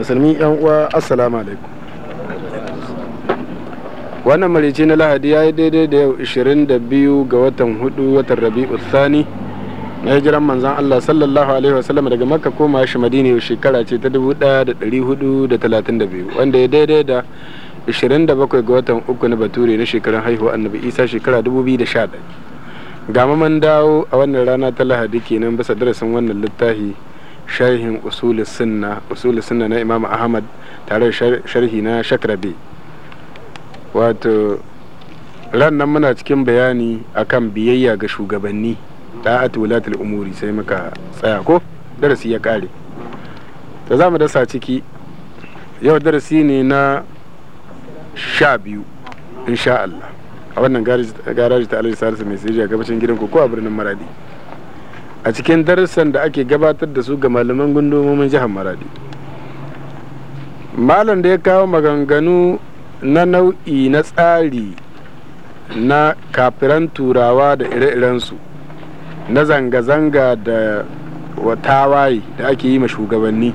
musulmi yan uwa assalamu alaikum wannan marici na lahadi ya yi daidai da yau 22 ga watan 4 watan rabi'u thani na hijiran manzan Allah sallallahu alaihi wasallam daga makka koma shi madina shekara ce ta 1432 wanda ya daidai da 27 ga watan 3 na bature na shekarun haihu annabi isa shekara 2011 ga maman dawo a wannan rana ta lahadi kenan bisa darasin wannan littafi sharhin usuli sunna sunna na imam ahmad tare da sharhi na shakrabe wato ran nan muna cikin bayani akan biyayya ga shugabanni da'at wulatul umuri sai muka tsaya ko darasi ya kare to za mu dasa ciki yau darasi ne na sha biyu insha Allah a wannan garaji ta alaji salisu mai sirri a gabacin gidan ko a birnin maradi a cikin darussan da ake gabatar da su ga malaman gundumomin jihar maradi malam da ya kawo maganganu na nau'i na tsari na kafiran turawa da ire-irensu na zanga-zanga da watawaye da ake yi ma shugabanni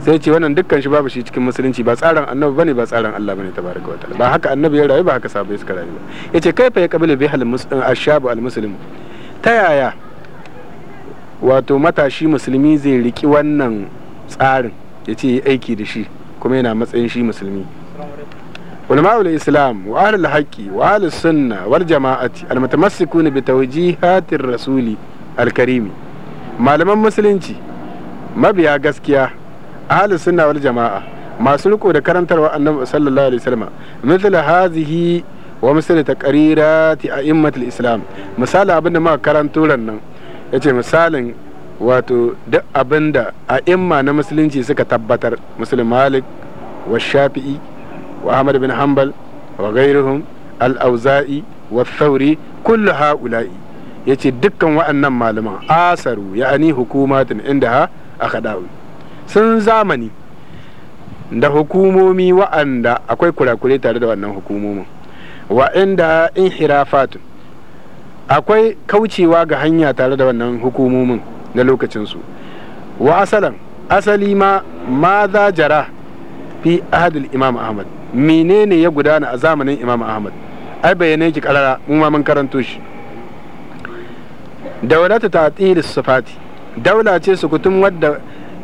sai ce wannan dukkan shi babu shi cikin musulunci ba tsarin annabi bane ba tsarin Allah bane tabaraka wata ba haka annabi ya rayu ba haka sabai suka rayu ba yace kai fa ya kabila bihal ashabu al muslim ta yaya wato matashi musulmi zai riki wannan tsarin ya ce aiki da shi kuma yana matsayin shi musulmi ulama'ul islam wa ahlul haqqi wa ahlus sunna wal jama'ati al mutamassikun bi tawjihatir rasuli alkarimi. malaman musulunci mabiya gaskiya ahlus sunna wal jama'a masu riko da karantarwa annabi sallallahu alaihi wasallam mithl hazihi wa misal taqrirati a'immatul islam misali abinda muka karanto nan ya ce misalin wato duk abin a imma na musulunci suka tabbatar musulun malik wa shafi'i wa ahmad bin hanbal wa gairuhum al-auza'i wa thauri kullu ha'ula'i ya ce dukkan wa'annan malaman asaru ya'ani hukumatin inda ha a kadawi sun zamani da hukumomi wa'anda akwai kurakure tare da wannan hukumomin wa'anda hirafatun akwai kaucewa ga hanya tare da wannan hukumomin na lokacinsu wa asalan asali ma ma za jara fi ahadul imam ahmad menene ya gudana a zamanin imam ahmad ai bayyane ki karara mu ma mun karanto shi daulatu ta'tilis sifati daula ce sukutun wadda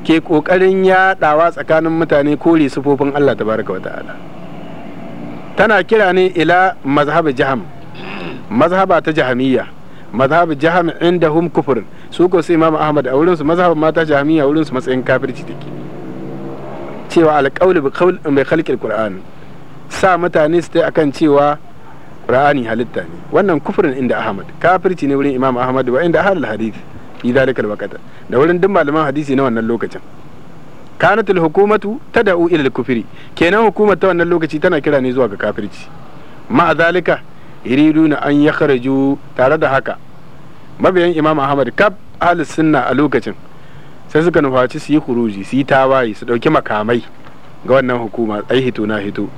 ke kokarin yaɗawa tsakanin mutane kore sufofin Allah tabaraka wa ta'ala tana kira ne ila mazhab jaham mazhaba ta jahamiyya mazhab jaham indahum kufr su ko su imam ahmad a wurin wurinsu mazhabin mata jahamiyya su matsayin kafirci take cewa alƙauli mai halƙin qur'an sa mutane su akan cewa ra'ani halitta ne wannan kufurin inda ahmad kafirci ne wurin imam ahmad wa inda ahlul hadith fi dalikal alwaqata da wurin duk malaman hadisi na wannan lokacin kanat alhukumatu tad'u ila alkufri kenan hukumar ta wannan lokaci tana kira ne zuwa ga kafirci ma zalika na an karaju tare da haka mabiyan imam ahmad kab ahli sunna a lokacin sai suka nufaci su yi kuruji su yi tawaye su dauki makamai ga wannan hukuma ai hito na hito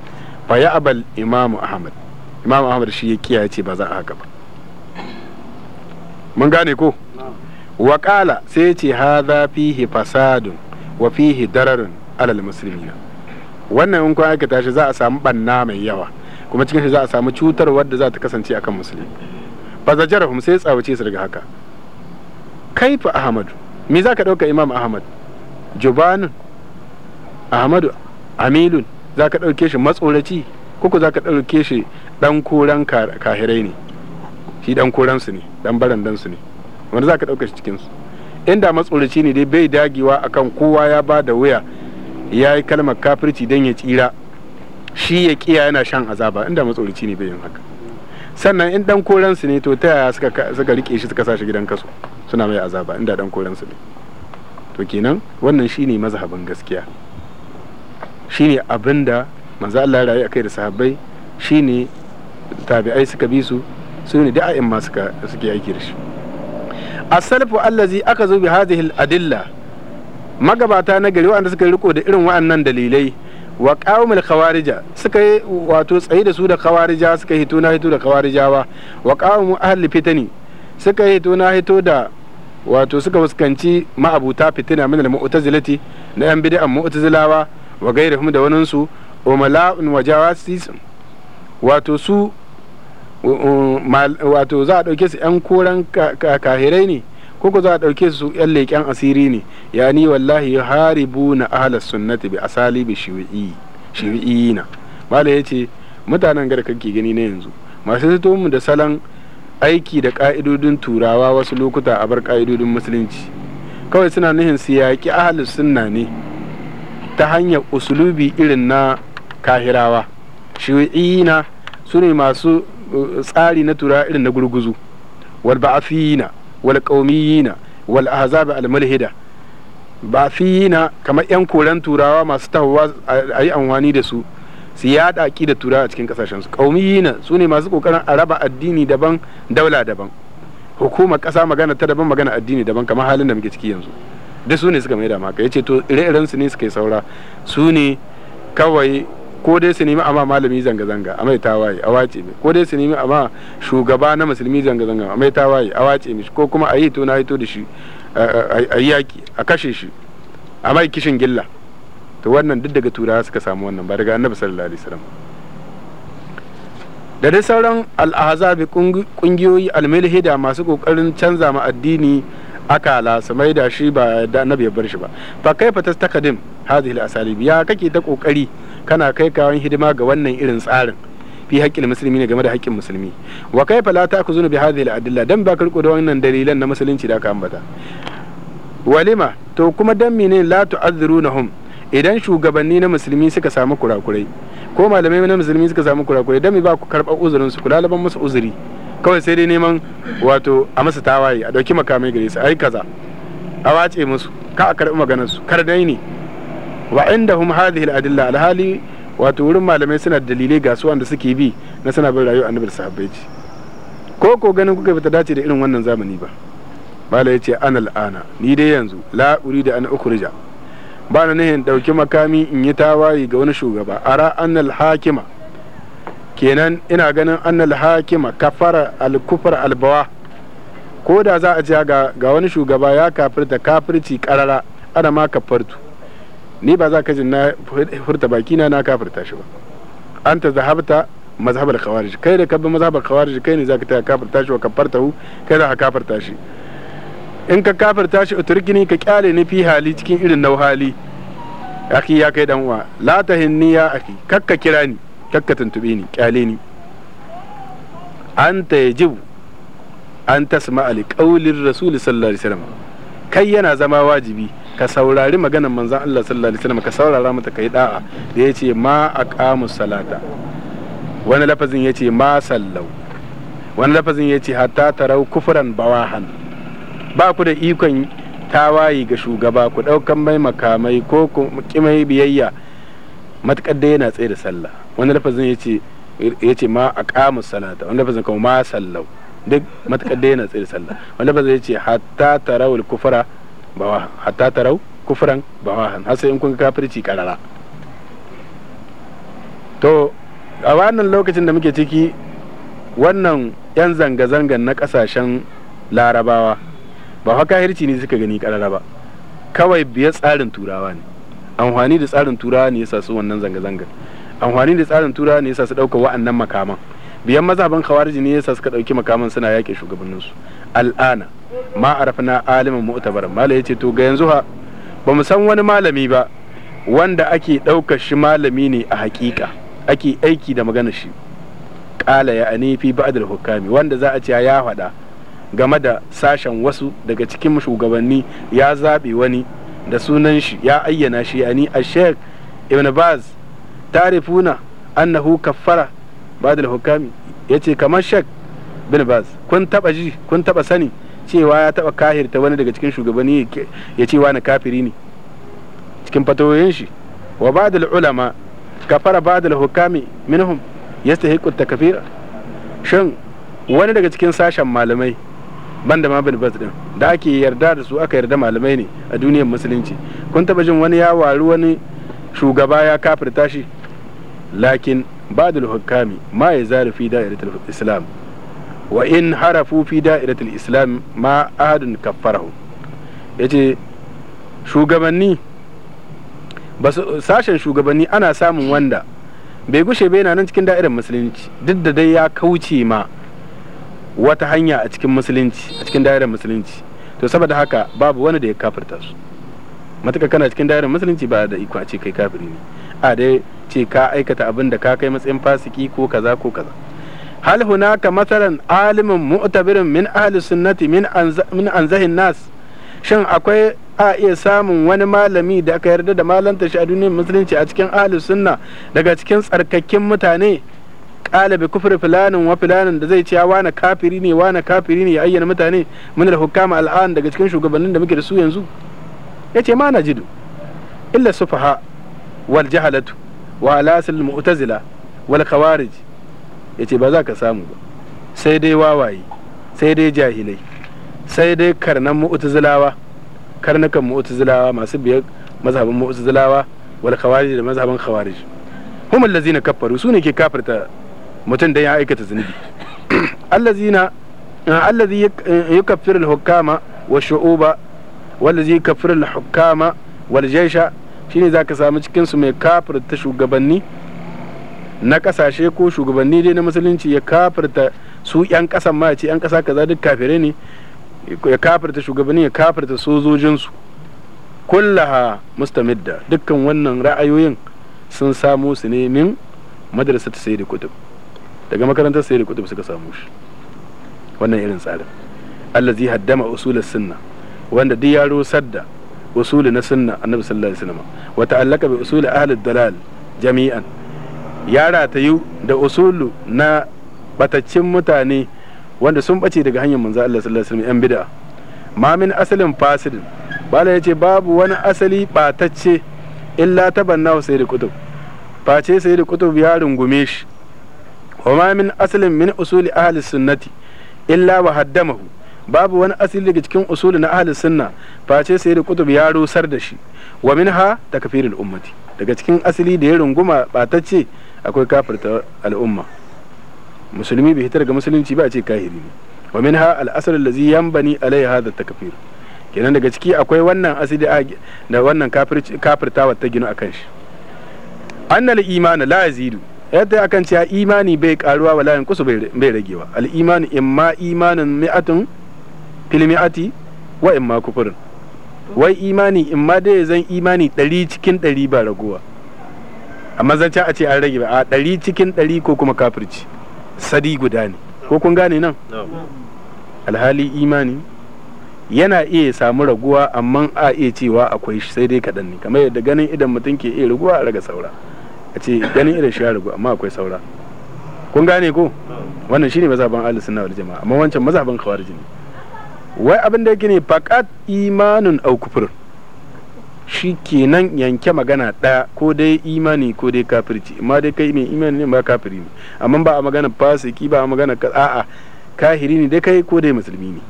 fa ya abal imam ahmad imam ahmad shi ya kiyaye ba za a haka ba mun gane ko Wakala sai ya ce haza fihi fasadun wa fihi dararun alal musulmi wannan in kun aikata shi za a samu banna mai yawa kuma cikin shi za a samu cutar wadda za ta kasance akan musulmi fa mu sai tsawace su daga haka kaifa ahmadu me za ka ɗauka imam ahmad jubanun ahmadu amilun za ka ɗauke shi matsoraci kuku za ka ɗauke shi dan koran kahirai ne shi koran su ne ɗan barandansu ne wanda za ka ɗauka shi cikinsu inda matsoraci ne dai bai dagewa akan kowa ya ba da wuya ya yi kalmar kafirci don ya tsira shi ya kiya yana shan azaba inda matsoraci ne bai yin haka sannan in dan su ne to ta yaya suka rike shi suka sa shi gidan kaso suna mai azaba inda dan su ne to kenan wannan shine mazhabin gaskiya shine abinda manzo Allah rayu akai da sahabbai shine tabi'ai suka bi su su ne da ma suka suke aiki da shi as-salafu allazi aka zo bi hadhihi al-adilla magabata na gari wanda suka riko da irin wa'annan dalilai wa qaumul khawarija suka yi wato tsaye da su da khawarija suka hito na hito da ba wa qaumu ahli fitani suka hito na hito da wato suka fuskanci ma'abuta fitina min al-mu'tazilati na yan bid'an mu'tazilawa wa gairihum da wanin su umala'un wa jawasis wato su wato za a dauke su yan koran kahirai ne koko za a ɗauke su yan leƙen asiri ne ya ni wallahi haribu na ahalar sunnati bi asali bi na bala ya ce mutanen gar ke gani na yanzu masu sito mu da salon aiki da ƙa'idodin turawa wasu lokuta a bar ka'idodin musulunci kawai suna nuhin su yaƙi ahalar sunna ne ta hanyar usulubi irin na kahirawa na su ne masu uh, tsari na tura irin na gurguzu wal na. wal qaumiyina wal ahzab al mulhida ba fiyina kamar yan koren turawa masu tahowa a yi amfani da su su yada da turawa a cikin kasashen su qaumiyina su ne masu ƙoƙarin a raba addini daban daula daban hukumar ƙasa magana ta daban magana addini daban kamar halin da muke ciki yanzu duk su ne suka mai da maka ce to ire-iren su ne suka yi saura su ne kawai ko dai su nemi amma malami zanga-zanga a mai tawaye a wace mai ko dai su nemi amma shugaba na musulmi zanga-zanga a mai tawaye a wace mai ko kuma a yi to na to da shi a yi yaki a kashe shi a mai kishin gilla to wannan duk daga turawa suka samu wannan ba daga annabi sallallahu alaihi wasallam da dai sauran al'ahazabi kungiyoyi almilhida masu kokarin canza ma addini akala su mai da shi ba da annabi ya bar shi ba fa kaifa tastaqdim hadhihi al-asalib ya kake ta kokari kana kai kawon hidima ga wannan irin tsarin fi haƙƙin musulmi ne game da haƙƙin musulmi wa kai fala ta ku zunubi hadhihi al-adilla dan ba karku da wannan dalilan na musulunci da aka ambata walima to kuma dan mene la tu'azzirunahum idan shugabanni na musulmi suka samu kurakurai ko malamai na musulmi suka samu kurakurai dan ba ku karɓar uzurin su ku lalaban musu uzuri kawai sai dai neman wato a masa tawaye a dauki makamai gare su ai kaza a wace musu ka a karɓi maganar su kar dai ne wa inda hum hadhihi al-adilla al-hali wato wurin malamai suna da dalilai ga su wanda suke bi na suna bin rayuwar annabi sahabbai ko ko ganin kuka bata dace da irin wannan zamani ba bala yace ana ni dai yanzu la da an ukhrija ba na nihin dauki makami in yi tawaye ga wani shugaba ara annal hakima kenan ina ganin annal hakima kafara al-kufar al-bawa ko da za a ji ga wani shugaba ya kafirta kafirci karara ana ma kafartu ni ba za ka jin na furta baki na na kafirta shi ba anta zahabta mazhabar khawarij kai da kabbin mazhabar khawarij kai ne zaka ta kafirta shi wa kafartahu kai za ka kafirta shi in ka kafirta shi uturkini ka kyale ni fi hali cikin irin nau hali aki ya kai dan uwa la tahinni ya aki kakka kira ni kakka tuntube ni kyale ni anta yajibu an tasma'a li qaulir rasul sallallahu alaihi wasallam kai yana zama wajibi ka saurari maganar manzan Allah sallallahu alaihi wasallam ka saurara mata kai da'a da yace ma aqamu salata wani lafazin yace ma sallau wani lafazin yace hatta tarau kufran bawahan ba ku da ikon tawayi ga shugaba ku daukan mai makamai ko ku kimai biyayya matakar da yana tsaye da sallah wani lafazin yace yace ma aqamu salata wani lafazin kuma ma sallau duk matakar da yana tsaye da sallah wani lafazin yace hatta tarau kufra Ba wa hatta tarau kufran wa har sai in kun kafirci karara to a wannan lokacin da muke ciki wannan 'yan zanga-zangan na kasashen larabawa ba fa kahirci ne suka gani karara ba kawai biya tsarin turawa ne amfani da tsarin turawa ne yasa su wannan zanga-zangan amfani da tsarin turawa ne yasa su dauka wa'annan makaman biyan mazhaban khawarij ne yasa suka ɗauki makaman suna yaƙe shugabanninsu al'ana ma arafna alimin mu'tabar ya ce to ga yanzu ha ba mu san wani malami ba wanda ake ɗaukar shi malami ne a hakika ake aiki da maganar shi ƙala ya anifi ba'adar hukami wanda za a ce ya faɗa game da sashen wasu daga cikin shugabanni ya zaɓe wani da sunan shi ya ayyana shi yani a sheikh ibn baz tarifuna annahu kaffara ba'adar hukami yace kamar sheikh ibn baz kun taba ji kun taba sani cewa ya taba kahirta wani daga cikin shugabanni ya ce wani kafiri ne cikin fatoyin shi wa ba'dul ulama kafara ba'dul hukami minhum yastahiqu takfira shin wani daga cikin sashen malamai banda ma bin bas din da ake yarda da su aka yarda malamai ne a duniyar musulunci kun taba jin wani ya waru wani shugaba ya kafirta shi lakin badal hukami ma ya zarafi da'iratul islam wa in harafu fi da'iratul islam ma ahadun kaffarahu yace shugabanni sashen shugabanni ana samun wanda bai gushe bai na nan cikin da'irar musulunci duk da dai ya kauce ma wata hanya a cikin musulunci a cikin da'irar musulunci to saboda haka babu wani da ya kafirta su matuka kana cikin da'irar musulunci ba da iko a ce kai kafiri ne a dai ce ka aikata abin da ka kai matsayin fasiki ko kaza ko kaza hal hunaka masalan alimin mu'tabirin min ahli sunnati min anzahin nas shin akwai a iya samun wani malami da aka yarda da malanta shi a duniyar musulunci a cikin ahli sunna daga cikin tsarkakkin mutane kalabi kufri filanin wa filanin da zai ce wani kafiri ne wani kafiri ne ya ayyana mutane min da hukama al'an daga cikin shugabannin da muke da su yanzu yace ma na jidu illa sufaha wal jahalatu wa alasil mu'tazila wal khawarij ya ce ba za ka samu ba sai dai wawaye sai dai jahilai sai dai karnan mu'tazilawa karnukan mu'tazilawa masu biyar mazhabin mu'tazilawa wal khawarij da mazhabin khawarij hum allazina kafaru su ne ke kafirta mutum da ya aikata zunubi allazina eh, allazi eh, yukaffir al-hukama wa shu'uba wallazi yukaffir al-hukama wal jaysha shine zaka samu cikin su mai kafirta shugabanni na kasashe ko shugabanni dai na musulunci ya kafirta su 'yan kasan ma ce 'yan kasa kaza duk kafire ne ya kafirta shugabanni ya kafirta sojojinsu kullaha mustamidda dukkan wannan ra'ayoyin sun samu su ne min ta sayyid kutub daga makarantar sayyid kutub suka samu shi wannan irin tsarin allazi haddama usulus sunna wanda duk yaro sadda usuli na sunna annabi sallallahu alaihi wasallam wa ta'allaka bi usuli ahli dalal jami'an ya ratayu da usulu na bataccen mutane wanda sun bace daga hanyar manzo Allah sallallahu alaihi wasallam yan bid'a ma min asalin fasid bala yace babu wani asali batacce illa tabannahu sayyid kutub face sayyid kutub ya rungume shi wa ma min asalin min usuli ahli sunnati illa wa haddamahu babu wani asali daga cikin usuli na ahli sunna face sayyid kutub ya rusar da shi wa minha takfirul ummati daga cikin asali da ya runguma ba ce akwai kafirta al'umma musulmi bai hitar ga musulunci ba a ce kahiri ne wa min ha al'asar allazi yanbani alai ta takfir kenan daga ciki akwai wannan asali da wannan kafirtawa ta ginu akan shi annal imana la yazidu yadda akan cewa imani bai karuwa wala kusa bai ragewa al imanu imma imanin mi'atun fil mi'ati wa imma kufurin wai imani in ma dai zan imani ɗari cikin ɗari ba raguwa amma zance a ce an rage ba a ɗari cikin ɗari ko kuma kafirci sadi guda ne ko kun gane nan alhali imani yana iya samu raguwa amma a iya cewa akwai sai dai kaɗan ne kamar yadda ganin idan mutum ke iya raguwa a raga saura a ce ganin idan shi ya ragu amma akwai saura kun gane ko wannan shine mazhaban ahlus sunna wal jamaa amma wancan mazhaban khawarij ne wai abin da yake ne faƙat imanin au kufur shi kenan yanke magana ɗaya ko dai imani ko dai kafirci amma dai kai mai imani ne ba kafiri ne amma ba a magana fasiki ba a magana a'a kahiri ne dai kai ko dai musulmi ne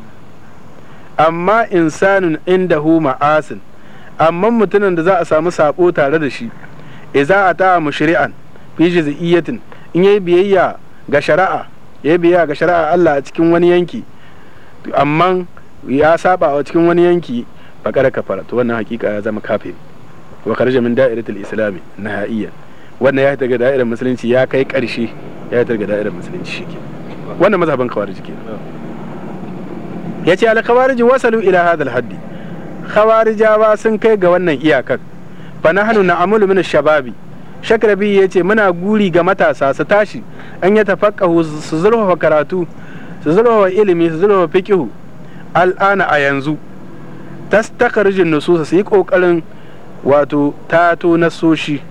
amma insanin inda hu ma'asin amma mutumin da za a samu sabo tare da shi e za a ta'a ta zai fi jiz'iyatin in yayi biyayya ga shari'a yayi biyayya ga shari'a Allah a cikin wani yanki amma ya saba a cikin wani yanki ba ka kafara to wannan hakika ya zama kafiri wa kharaja min da'iratul islami nihayiyan wannan ya daga da'irar musulunci ya kai ƙarshe ya daga da'irar musulunci shike wannan mazhaban khawarij ke yace al khawarij wasalu ila hadha al haddi khawarijawa sun kai ga wannan iyakar fa nahnu na'amulu min shababi shakrabi yace muna guri ga matasa su tashi an ya tafaqahu su zurfafa karatu su zuba wa ilimi su zuba wa fikihu al'ana a yanzu ta tastakarijin nususa su yi kokarin wato tato soshi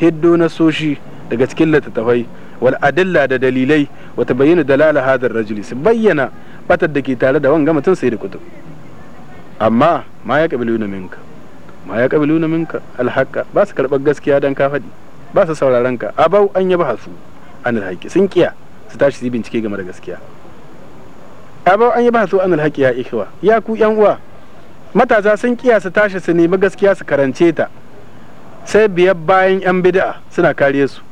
hiddo na soshi daga cikin littattafai wal adilla da dalilai wata bayyana dalala hadar rajuli su bayyana batar da ke tare da wanga mutum sai da kutu. amma ma ya kabilu na minka ma ya kabilu na minka alhaka ba su karɓar gaskiya don ka faɗi ba su sauraron ka abau an yaba hasu an alhaki sun kiya su tashi su bincike game da gaskiya aba an yi ba su anil haƙi ya ikiwa ya ku yan uwa matasa sun kiyasa tashi su nemi gaskiya su karance ta sai biyar bayan yan bid'a suna kare su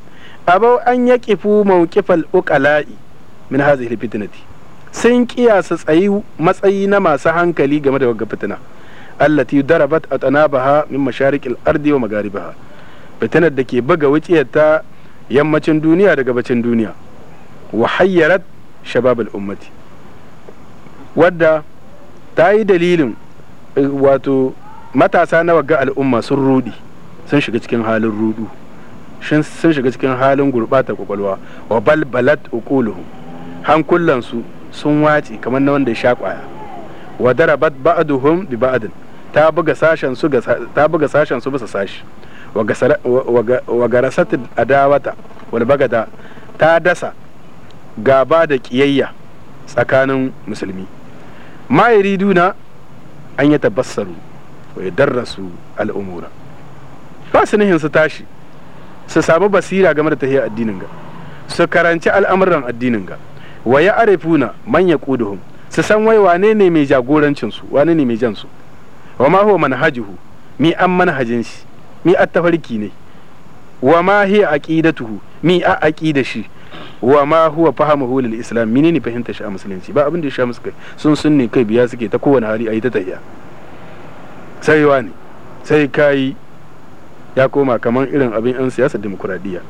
aba an ya kifu mawqifal uqala'i min hadhihi sun kiyasa tsayi matsayi na masu hankali game da wagga fitina allati darabat atanabaha min masharikil ardi wa magaribaha fitinar da ke buga wuciyar ta yammacin duniya da gabacin duniya wa hayyarat shabab ummati wadda ta yi dalilin eh, wato matasa na waga al'umma sun rudi sun shiga cikin halin rudu sun shiga cikin halin gurbata kwakwalwa wa balbalat ukuluhu hankulansu sun wace kamar na wanda ya sha kwaya wa darabat ba'duhum bi ba'din ta buga sashen su ta buga sashen su bisa sashi wa garasat adawata wal bagada ta dasa gaba da kiyayya tsakanin musulmi ma na an ya tabassaru wa ya darrasu al'umura ba su nihin su tashi su samu basira game da tahiyar addinin ga su karanci al'amuran addinin ga wa ya arifuna man ya kuduhum su san wai wane ne mai jagorancin su wane ne mai jansu su wa ma huwa manhajuhu mi an manhajin shi mi a tafarki ne wa ma hi aqidatuhu mi a aqida shi wa ma huwa fahimuhu lil islam menene fahimta shi a musulunci ba abin da ya sha musu kai sun sunne kai biya suke ta kowane hali ayi ta tayya sai ne sai kai ya koma kamar irin abin yan siyasar demokuraɗiyya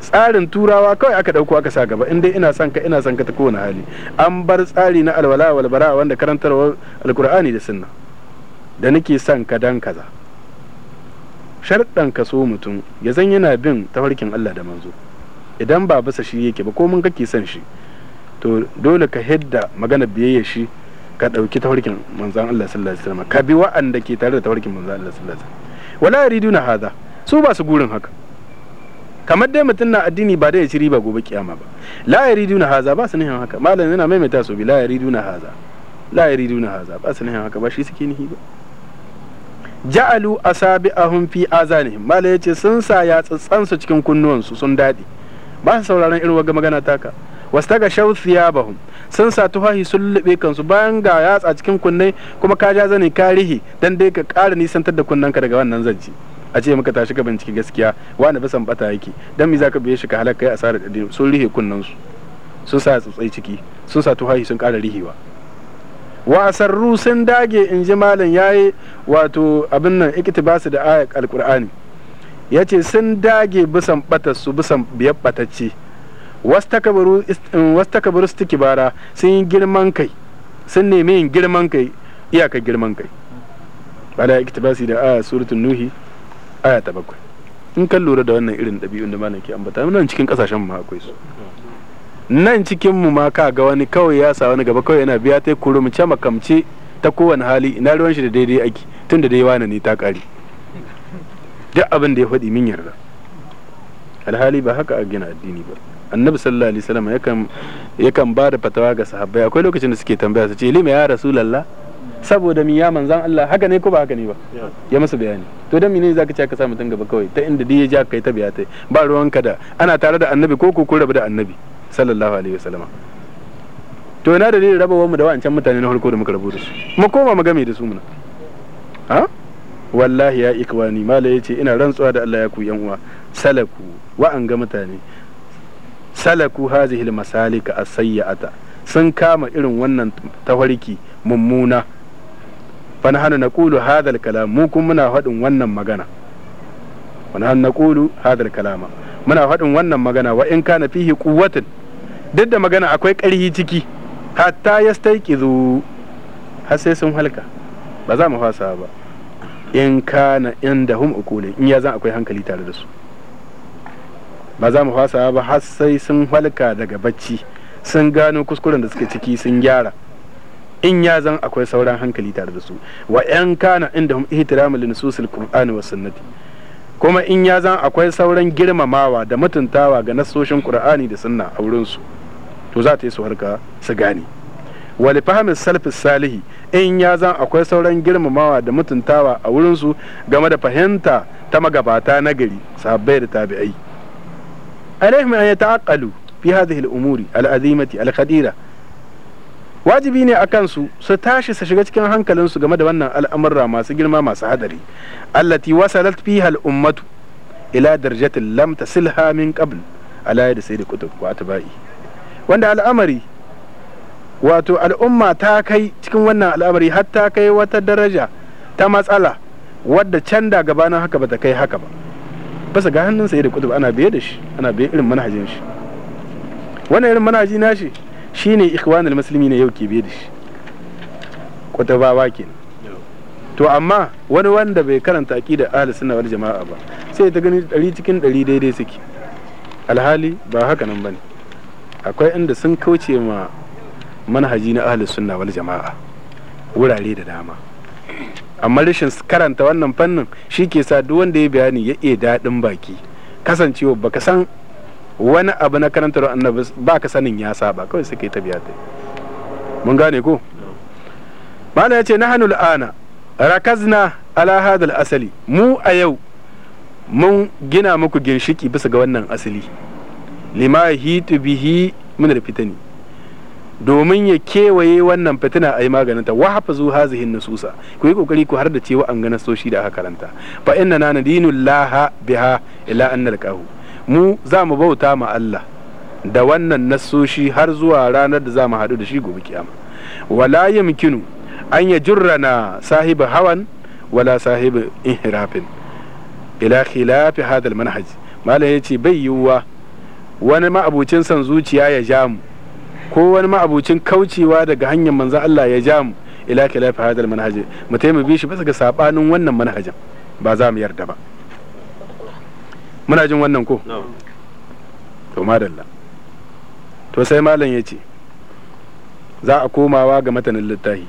tsarin turawa kawai aka dauko aka sa gaba in dai ina son ka ina son ka ta kowane hali an bar tsari na alwala bara wanda karantarwar alkur'ani da sunna da nake son ka dan kaza sharɗan ka so mutum ya zan yana bin tafarkin Allah da manzo idan ba bisa shi yake ba ko mun kake son shi to dole ka hidda magana biyayya shi ka ɗauki tawarkin manzan Allah sallallahu alaihi wasallam ka bi wa'anda ke tare da tawarkin manzan Allah sallallahu alaihi wasallam wala yariduna hadha su ba su gurin haka kamar dai mutum na addini ba da ya ci riba gobe kiyama ba la yariduna haza ba su nihin haka malam yana maimaita su bi la yariduna haza la yariduna haza ba su nihin haka ba shi suke nihi ba ja'alu asabi'ahum fi azanihim malam yace sun sa yatsatsan su cikin kunnuwansu sun dadi ba su sauraron irin waga magana taka wasta ga ba bahum sun sa tufahi sun lube kansu bayan ga yatsa cikin kunne kuma ka ja zane ka rihi dan dai ka ƙara nisantar da kunnenka daga wannan zanci a ce maka tashi ka bincike gaskiya wani bisan bata yake dan me ka biye shi ka halaka ya asarar da sun rihe kunnensu sun sa tsatsai ciki sun sa tuhahi sun ƙara rihewa wasarru sun dage in ji malam yayi wato abin nan ikitibasu da ayat alkur'ani ya ce sun dage bisan batarsu bisan biyar batacce eh, wasu takabaru su bara sun yi girman kai sun nemi yin girman kai iyakar girman kai ba da iktibasi da aya suratun nuhi aya ta bakwai in kan lura da wannan irin ɗabi'un da malam ke ambata nan cikin kasashen mu akwai su nan cikin mu ma ka ga wani kawai ya sa wani gaba kawai yana biya ta kurumce makamce ta kowane hali ina ruwan shi da daidai aiki tun da dai wani ne ta kare duk abin da ya faɗi min yarda alhali ba haka a gina addini ba annabi sallallahu alaihi wasallam yakan yakan ba da fatawa ga sahabbai akwai lokacin da suke tambaya su ce lima ya rasulullah saboda mi ya manzan Allah haka ne ko ba haka ne ba ya masa bayani to dan menene zaka ce ka sa mutun gaba kawai ta inda dai ya ja kai ta biya tai ba ruwanka da ana tare da annabi ko ku rabu da annabi sallallahu alaihi wasallam to ina da dalilin rabawar mu da wancan mutane na farko da muka rabu da su mu koma mu game da su muna ha wallahi ya ikwani mala yace ina rantsuwa da Allah ya ku yan uwa salaku wa an ga mutane salaku hazihi masalika asayyata sun kama irin wannan tafarki mummuna fa nahnu na kulu al-kalam mu kun muna faɗin wannan magana wa nahnu na kulu al-kalama muna faɗin wannan magana wa in kana fihi quwwatin duk da magana akwai ƙarhi ciki hatta yastaiqizu har sai sun halka ba za mu fasa ba in kana inda hum ukulin in ya zan akwai hankali tare da su ba za mu fasa ba har sai sun halka daga bacci sun gano kuskuren da suke ciki sun gyara in ya zan akwai sauran hankali tare da su wa yan kana inda hum ihtiramul nususil qur'ani was sunnati kuma in ya zan akwai sauran girmamawa da mutuntawa ga nasoshin qur'ani da sunna a wurin su to za ta yi su harka su gane wali fahimin salfi salihi in ya zan akwai sauran girmamawa da mutuntawa a wurinsu game da fahimta ta magabata na gari sahabbai da tabi'ai alaihim an ta'akalu fi hadhihi al-umuri al-azimati al-khadira wajibi ne a kansu su tashi su shiga cikin hankalinsu game da wannan al'amurra masu girma masu hadari allati wasalat fi al-ummatu ila darajatin lamta tasilha min qabl ala yadi sayyid qutb wa atba'i wanda al'amari wato al'umma ta kai cikin wannan al'amari har ta kai wata daraja ta matsala wadda can da gabanin haka ba ta kai haka ba basa ga hannun sai da kudu ana biye da shi ana biye irin manhajin shi wannan irin manhaji na shi shine ikhwanul muslimi ne yau ke biye da shi ba kenan to amma wani wanda bai karanta aqida ahli sunna wal jama'a ba sai ta gani dari cikin dari daidai suke alhali ba haka nan bane akwai inda sun kauce ma manhaji na ahlus sunna wal jama'a wurare da dama amma rashin karanta wannan fannin shi ke sa duk wanda ya bayani ya iya daɗin baki kasancewa baka san wani abu na karantar annabi ba ka sanin ya saba kawai suka yi ta mun gane ko mala ya ce na hannu la'ana rakazna ala hadal asali mu a yau mun gina muku ginshiki bisa ga wannan asali lima hitu bihi min fitani domin ya kewaye wannan fitina a yi maganinta wa hafazu hazihin nususa ku yi kokari ku har da cewa an gana nasoshi da aka karanta fa inna na nadinu laha biha ila an nalqahu mu za mu bauta ma Allah da wannan nasoshi har zuwa ranar da za mu haɗu da shi gobe kiyama wala yamkinu an ya jurrana sahibi hawan wala sahibi inhirafin ila khilafi hadal manhaj malai yace bai yiwuwa wani ma'abucin san zuciya ya ja mu ko wani ma'abucin kaucewa daga hanyar manzan Allah ya ja mu ila khilafi hadal manhaji mu taimu bi shi bisa ga sabanin wannan manhajin ba za mu yarda ba muna jin wannan ko to madalla to sai malam ya ce za a komawa ga matanin littafi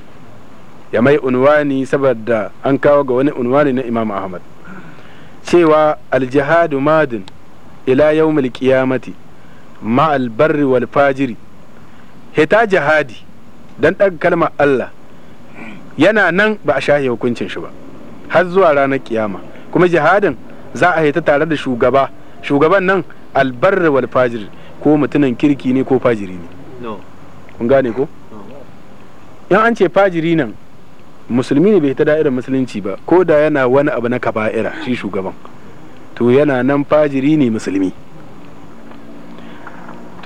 ya mai unwani saboda an kawo ga wani unwani na imam ahmad cewa aljihadu madin ila yau qiyamati ma albarri wal fajiri hita jihadi don ɗaga kalmar Allah yana nan ba a shahe hukuncin shi ba har zuwa ranar kiyama kuma jihadin za a hita tare da shugaba shugaban nan albarra wal fajir ko mutumin kirki ne ko fajiri ne kun gane ko yan an ce fajiri nan musulmi ne bai ta da'irar musulunci ba ko da yana wani abu na kaba'ira shi shugaban to yana nan fajiri ne musulmi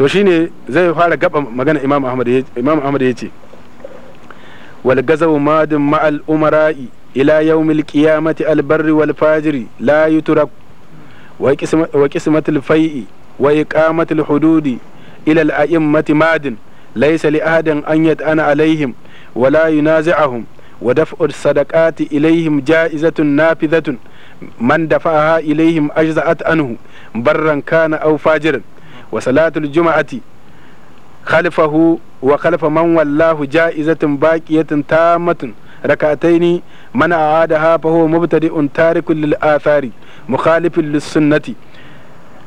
to shine zai fara gaba magana imam ahmad imam ahmad yace wal gazaw madin ma'al umara'i ila yawmil qiyamati al barri wal fajiri la yutrak wa qismatul fai'i wa iqamatul hududi ila al a'immati madin laysa li ahadin an yad'ana alaihim wa la yunazi'ahum wa daf'u sadaqati ilaihim ja'izatun nafidatun man dafa'aha ilaihim ajza'at anhu barran kana aw fajiran wa salatul juma'ati خلفه وخلف من والله جائزة باقية تامة ركعتين من أعادها فهو مبتدئ تارك للآثار مخالف للسنة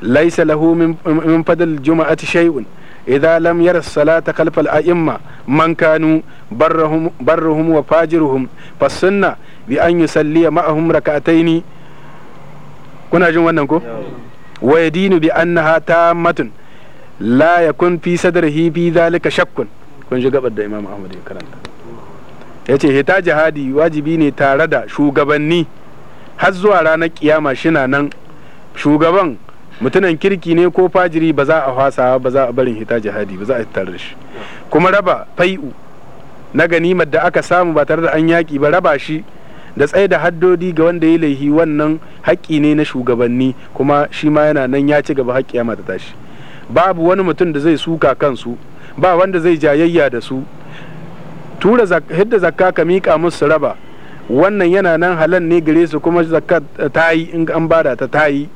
ليس له من فضل الجمعة شيء إذا لم ير الصلاة خلف الأئمة من كانوا برهم, برهم وفاجرهم فالسنة بأن يصلي معهم ركعتين كنا جمعنا wa yadinu bi annaha matun la yakun fi sadrihi fi zalika shakkun kun ji gabar da Imam Ahmad ya karanta yace hita jihadi wajibi ne tare da shugabanni har zuwa ranar kiyama shina nan shugaban mutunan kirki ne ko fajiri ba za a hwasa ba za a barin hita jihadi ba za a hitar da shi kuma raba fai'u na ganimar da aka samu ba tare da an yaki ba raba shi da tsaye da haddodi ga wanda ya laihi wannan haƙƙi ne na shugabanni kuma shi ma yana nan ya ci gaba haƙƙi ya mata tashi babu wani mutum da zai suka kansu ba wanda zai jayayya da su tura hidda zakka ka miƙa musu raba wannan yana nan halan ne gare su kuma zakka ta yi in an bada ta ta yi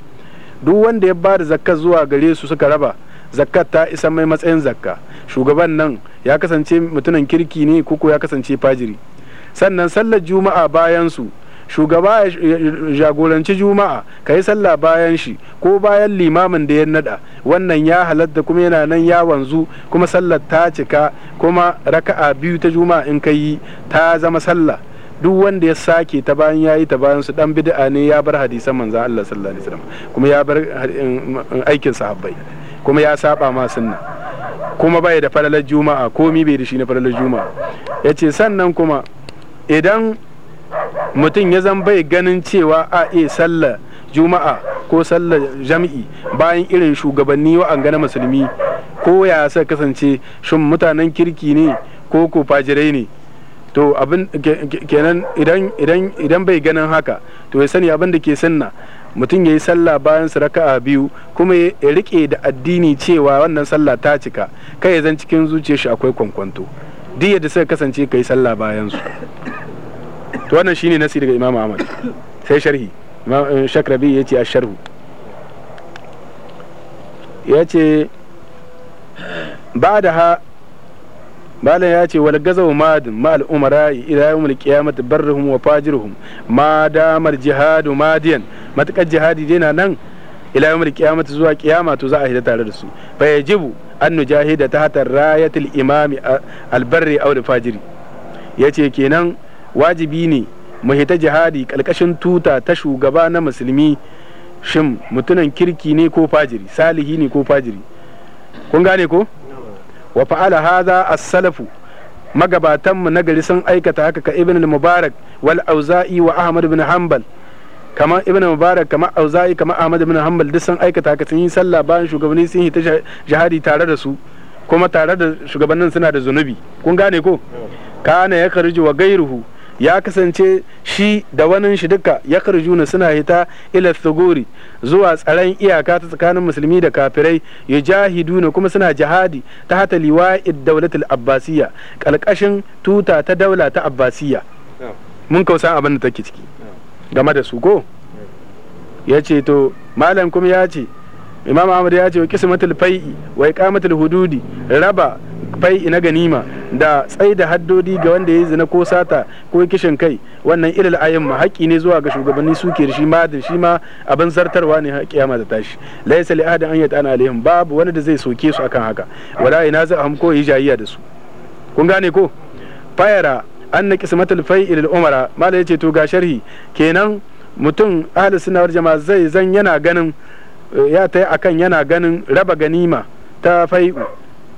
duk wanda ya bada zakka zuwa gare su suka raba zakka ta isa mai matsayin zakka shugaban nan ya kasance mutumin kirki ne koko ya kasance fajiri sannan sallar juma'a bayan su shugaba ya jagoranci juma'a ka yi sallah bayan shi ko bayan limamin da ya nada wannan ya halatta kuma yana nan ya wanzu kuma sallar ta cika kuma raka'a biyu ta juma'a in ka yi ta zama sallah duk wanda ya sake ta bayan yayi ta bayan su dan bid'a ne ya bar hadisan manzon Allah sallallahu alaihi wasallam kuma ya bar aikin sahabbai kuma ya saba ma sunna kuma bai da falalar juma'a komi bai da shi na falalar juma'a yace sannan kuma idan mutum ya zan bai ganin cewa a e sallar juma'a ko sallar jam'i bayan irin shugabanni wa'anga na musulmi ko ya sa kasance shin mutanen kirki ne ko ko fajirai ne to abin kenan idan bai ganin haka to ya sani abin da ke sanna mutum ya yi sallah bayan su a biyu kuma ya rike da addini cewa wannan sallah ta cika kai ya zan cikin zuciyar shi akwai kwankwanto duk yadda suka kasance ka yi sallah bayan su to wannan shine nasi daga imamu ahmad sai sharhi imam eh, shakrabi ce ba da ha malam ya ce wal gazaw madin ma'al umara'i ila yawmil qiyamati barruhum wa fajiruhum ma damar jihadu madiyan matakar jihadi dai na nan ila yawmil qiyamati zuwa qiyama to za a hida tare da su fa yajibu an da ta hatar rayatul imami albarri wani fajiri ce kenan wajibi ne mu hita jihadi kalkashin tuta ta shugaba na musulmi shin mutunan kirki ne ko fajiri salihi ne ko fajiri kun gane ko wa fa'ala haza as-salafu magabatanmu na gari sun aikata haka ka ibn al-mubarak wal auza'i wa ahmad bin hanbal kamar ibn mubarak kamar auza'i kamar ahmad ibn hanbal duk sun aikata haka sun yi sallah bayan shugabanni sun yi ta jihadi tare da su kuma tare da shugabannin suna da zunubi kun gane ko kana ya karju wa gairuhu ya kasance shi da wanin shi duka ya na suna hita ila thuguri zuwa tsaron iyaka ta tsakanin musulmi da kafirai na kuma suna jihadi ta hata liwa'id daulatul abbasiyya kalkashin tuta ta daula ta abbasiyya mun kausa abin da take ciki game da su ko ya ce to malam kuma ya ce imam ahmad ya ce wa matul fai'i wa iqamatul hududi raba fai'i na ganima da tsai da haddodi ga wanda ya zina ko sata ko kishin kai wannan ilal ayin ma haƙƙi ne zuwa ga shugabanni suke da shi ma da shi ma abin zartarwa ne ya ta tashi laisa li ahadin an yata'ana alaihim babu wani da zai soke su akan haka wala ina za ham ko yi jayiya da su kun gane ko fayara anna qismatul fai'i umara malai yace to ga sharhi kenan mutum ahli sunna wal jama'a zai zan yana ganin eh, ya tai akan yana ganin raba ganima ta fai'u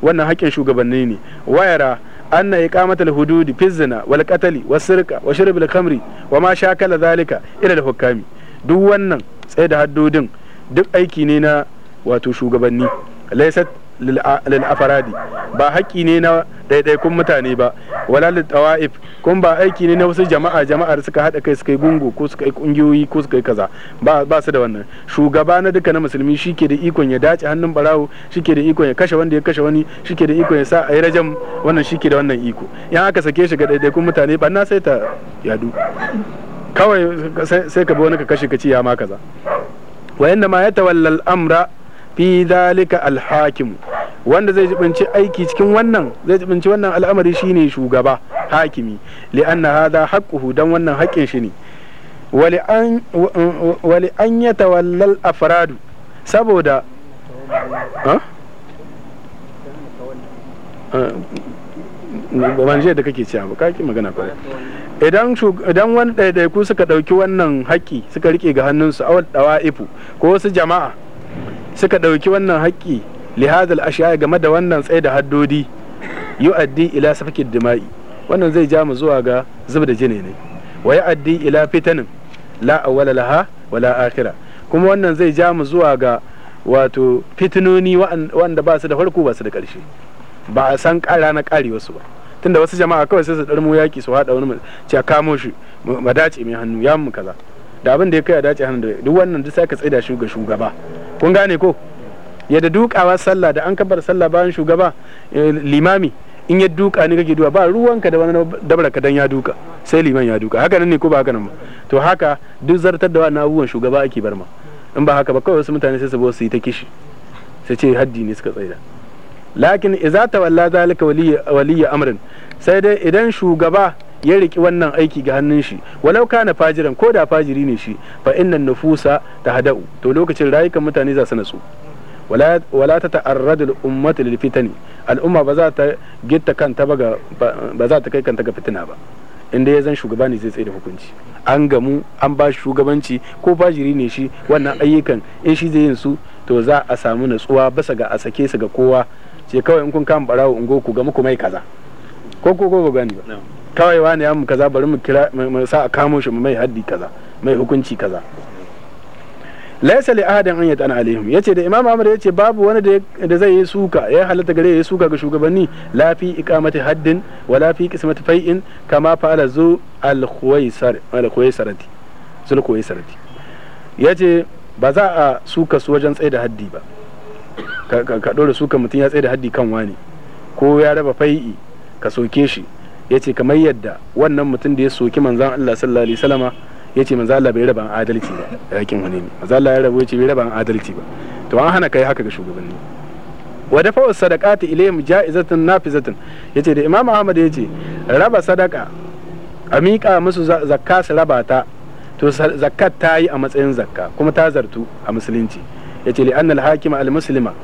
wannan hakkin shugabanni ne wayara anna iqamatul hududi fi zina wal qatli was sirqa wa shurbil khamri wa ma shakala zalika ila al hukami duk wannan tsaye da haddodin duk aiki ne na wato shugabanni laysat lil afaradi ba haƙƙi ne na ɗaiɗaikun mutane ba wala Littawaif tawa'if kun ba aiki ne na wasu jama'a jama'ar suka haɗa kai suka yi gungu ko suka yi ƙungiyoyi ko suka yi kaza ba su da wannan shugaba na duka na musulmi shike da ikon ya dace hannun barawo shike da ikon ya kashe wanda ya kashe wani shike da ikon ya sa a yi rajam wannan shike da wannan iko yan aka sake shi ga ɗaiɗaikun mutane ba na sai ta yadu kawai sai ka bi wani ka kashe ka ci ya ma kaza wa yanda ma ya tawallal amra fi dalika alhakim wanda zai jibinci aiki cikin wannan zai jibinci wannan al'amari shine shugaba hakimi li'anna hadha haqquhu dan wannan haƙƙin shi ne wali an ya tawallal afradu saboda eh, ban da kake cewa ba ki magana ko. idan idan wani ɗaiɗaiku suka ɗauki wannan haƙƙi suka rike ga hannunsu awal ɗawa'ifu ko wasu jama'a suka ɗauki wannan haƙƙi lihadal ashiya game da wannan tsaye da haddodi addi ila safakin dima'i wannan zai ja mu zuwa ga zub da jini ne wa addi ila fitanin la awwala laha wa akhira kuma wannan zai ja mu zuwa ga wato fitinoni wanda ba su da farko ba su da ƙarshe ba a san ƙara na ƙari wasu ba tunda wasu jama'a kawai sai su ɗarmu yaƙi su haɗa wani mu ce kamo shi mu dace mai hannu ya mu kaza da abin da ya kai a dace hannu duk wannan duk sai ka tsaida shi ga shugaba kun gane ko yadda dukawa sallah da an kabar sallah bayan shugaba eh, limami in ya duka ne kake duka ba ruwanka da wani dabra kadan ya duka sai liman ya duka haka nan ne ko ba haka nan ba to haka duk zartar da wannan abubuwan shugaba ake bar ma in ba haka ba kawai wasu mutane sai su su yi ta kishi sai ce haddi ne suka tsaida lakin idza tawalla zalika waliya waliya amrin sai dai idan shugaba ya riki wannan aiki ga hannun shi walau kana fajiran ko da fajiri ne shi fa innan nufusa ta hada'u to lokacin rayukan mutane za su natsu wala ta ta'arradu al'ummatu lil fitani al'umma ba za ta gitta kanta ba ba za ta kai kanta ga fitina ba inda ya zan shugaba ne zai tsaye hukunci an gamu an ba shugabanci ko fajiri ne shi wannan ayyukan in shi zai yin su to za a samu natsuwa basa ga a sake su ga kowa ce kawai in kun kama barawo ungo ku ga muku mai kaza ko ko ko gani ba kawai wani ya mu kaza bari mu kira mu sa a kamo shi mu mai haddi kaza mai hukunci kaza laisa li ahadin an yata'ana alaihim yace da imam amr yace babu wani da zai yi suka ya halatta gare ya suka ga shugabanni la fi iqamati haddin wa la fi qismati fai'in kama fa'ala zu al khuwaisar al khuwaisarati zul khuwaisarati yace ba za a suka su wajen tsaye da haddi ba ka dora suka mutum ya tsaye da haddi kan wani ko ya raba fai'i ka soke shi ya ce kamar yadda wannan mutum da ya soki manzan Allah sallallahu alaihi wasallama ya ce manzan Allah bai an adalci ba yakin wani ne manzan Allah ya rabu ya ce bai raban adalci ba to an hana kai haka ga shugabanni wa dafa wa sadaqati ilayhim ja'izatan nafizatan yace da Imam Ahmad yace raba sadaka a miƙa musu zakka su raba ta to zakkat ta yi a matsayin zakka kuma ta zartu a musulunci yace li annal hakima al muslima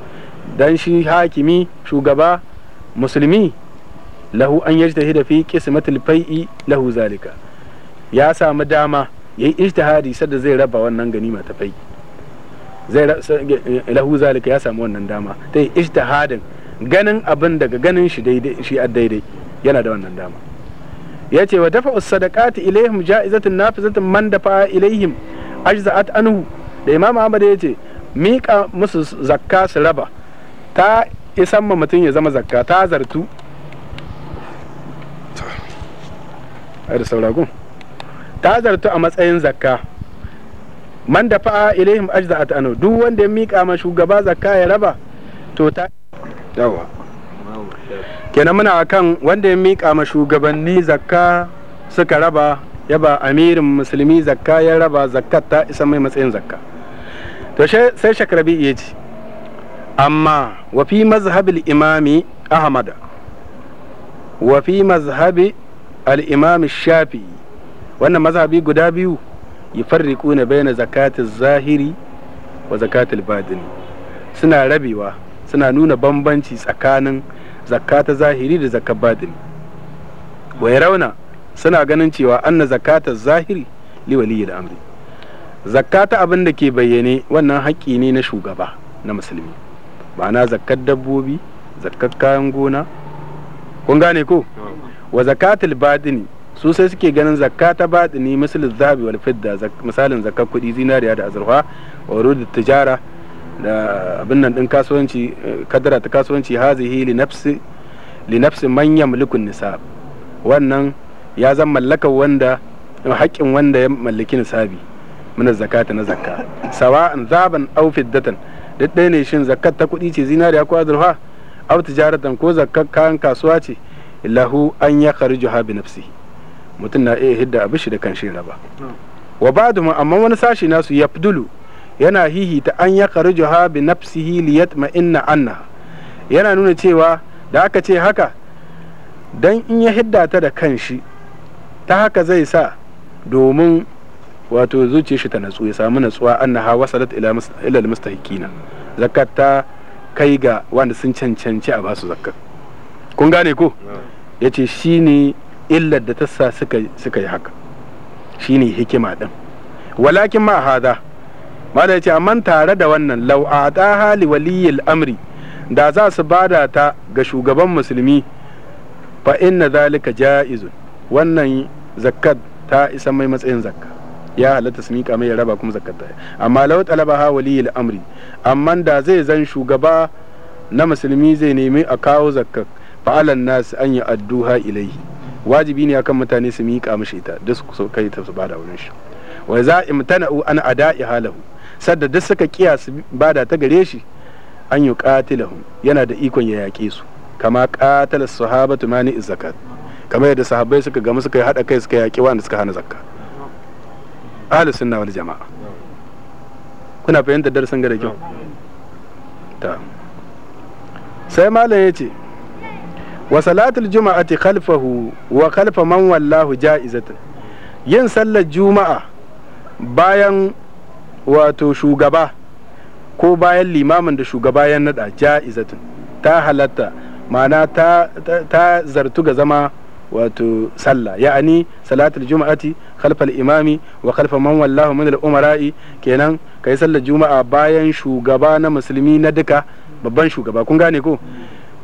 dan shi hakimi shugaba musulmi lahu an yajtahida fi qismatil fai'i lahu zalika ya samu dama yayi ijtihadi sadda zai raba wannan ganima ta fai'i zai lahu zalika ya samu wannan dama ta yi ijtihadin ganin abin daga ganin shi daidai shi a daidai yana da wannan dama ya ce wa dafa usadaqati ilaihim ja'izatin nafizatin man dafa ilaihim ajza'at anhu da imam ahmad ya ce mika musu zakka su raba ta isan ma mutum ya zama zakka ta zartu da sauragun ta zartu a matsayin zakka man da fa'a ilaihim ajza at duk wanda ya mika ma shugaba zakka ya raba to ta yawa kenan muna akan wanda ya mika ma shugabanni zakka suka raba ya ba amirin musulmi zakka ya raba zakka ta isa mai matsayin zakka to sai shakrabi ya ce amma wa fi mazhabil imami ahmad wa fi mazhabi al Shafi shafi'i wannan mazhabi guda biyu yufarriquna baina zakati zahiri wa zakatul batini suna rabewa suna nuna bambanci tsakanin zakata zahiri da zakat badini. wai rauna suna ganin cewa anna zakata zahiri li waliyyi da amri zakata abin da ke bayyane wannan haƙƙi ne na shugaba na musulmi ma'ana zakar dabbobi zakkar kayan gona kun gane ko wa zakatul badini su sai suke ganin zakata badini misalin zabi wal fidda misalin zakar kuɗi zinariya da azurfa wa da tijara da abin nan din kasuwanci eh, kadara ta kasuwanci hazihi li nafsi li nafsi man yamliku nisab wannan ya zan mallaka wanda haƙƙin wanda ya mallaki nisabi min zakata na zakka sawa'an zaban aw fiddatan duk ɗaya ne shin zakkar ta kuɗi ce zinariya ko azurfa aw tijaratan ko zakkar kayan kasuwa ce lahu an ya kharju ha bi nafsi mutum na iya hidda abin shi da kan shi raba wa ba'du amma wani sashi nasu yabdulu yana hihi ta an ya kharju ha bi nafsihi li inna anna yana nuna cewa da aka ce haka dan in ya hidda ta da kanshi ta haka zai sa domin wato zuciyar shi ta natsu ya samu natsuwa annaha wasalat ila al-mustahiqina zakat ta kai ga wanda sun cancanci a basu zakat kun gane ko ya ce shi ne illar da ta sa suka yi haka shi ne hikima ɗin walakin ma hada da ya ce amma tare da wannan lau a ta hali waliyil amri da za su bada ta ga shugaban musulmi fa inna zalika ja'izun wannan zakat ta isa mai matsayin zakka ya halatta su miƙa mai raba kuma zakat ta amma lau talaba ha waliyyar amri amma da zai zan shugaba na musulmi zai nemi a kawo zakat fa'alan nas an yi adduha ilai wajibi ne akan mutane su miƙa mishi ita da su kai ta su bada wurin shi wa za imtana'u an ada'i halahu sadda duk suka kiya su bada ta gare shi an yi qatilahum yana da ikon ya yaƙe su kama qatala sahabatu mani zakat kamar yadda sahabbai suka gamu suka hada kai suka yaƙi wanda suka hana zakka ahlus sunna wal jama'a kuna fahimtar darasin ga kyau ta sai malam ya ce wa salatul juma'ati khalfahu wa khalfa man wallahu ja'izatan yin sallar juma'a bayan wato shugaba ko bayan limamin da shugaba ya nada ja'izatun ta halatta ma'ana ta, ta, zartu ga zama wato sallah ya'ani salatul juma'ati khalfal imami wa khalfa man wallahu min al umara'i kenan kai sallar juma'a bayan shugaba na musulmi na duka babban shugaba kun gane ko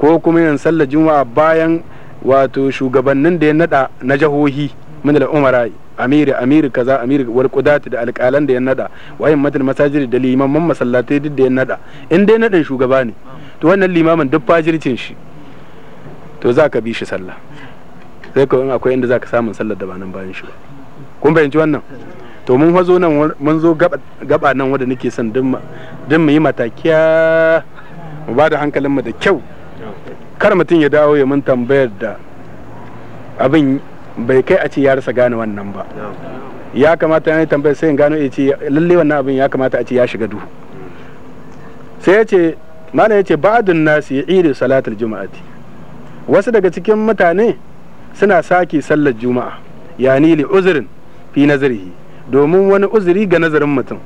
ko kuma yin sallar juma'a bayan wato shugabannin da ya nada na jahohi min al-umara amiri amiri kaza amiri wal qudati da alƙalan da ya nada wayin madal masajid da limaman masallatai duk da ya nada in dai nadin shugaba ne to wannan limamin duk fajircin shi to za ka bi shi sallah sai ko in akwai inda za ka samu sallar da ba nan bayan shi kun bayanci wannan to mun hazo nan mun zo gaba nan wanda nake son duk mu yi matakiya mu ba da hankalinmu da kyau kar mutum ya dawo ya mun tambayar da abin bai kai a ce ya rasa gane wannan ba ya kamata ya tambayar sai in gano ya ce lalle wannan abin ya kamata a ce ya shiga duhu sai ya ce mana ya ce ba'adun nasu ya iri salatul juma'ati wasu daga cikin mutane suna sake sallar juma'a yani li uzurin fi nazarihi domin wani uzuri ga nazarin mutum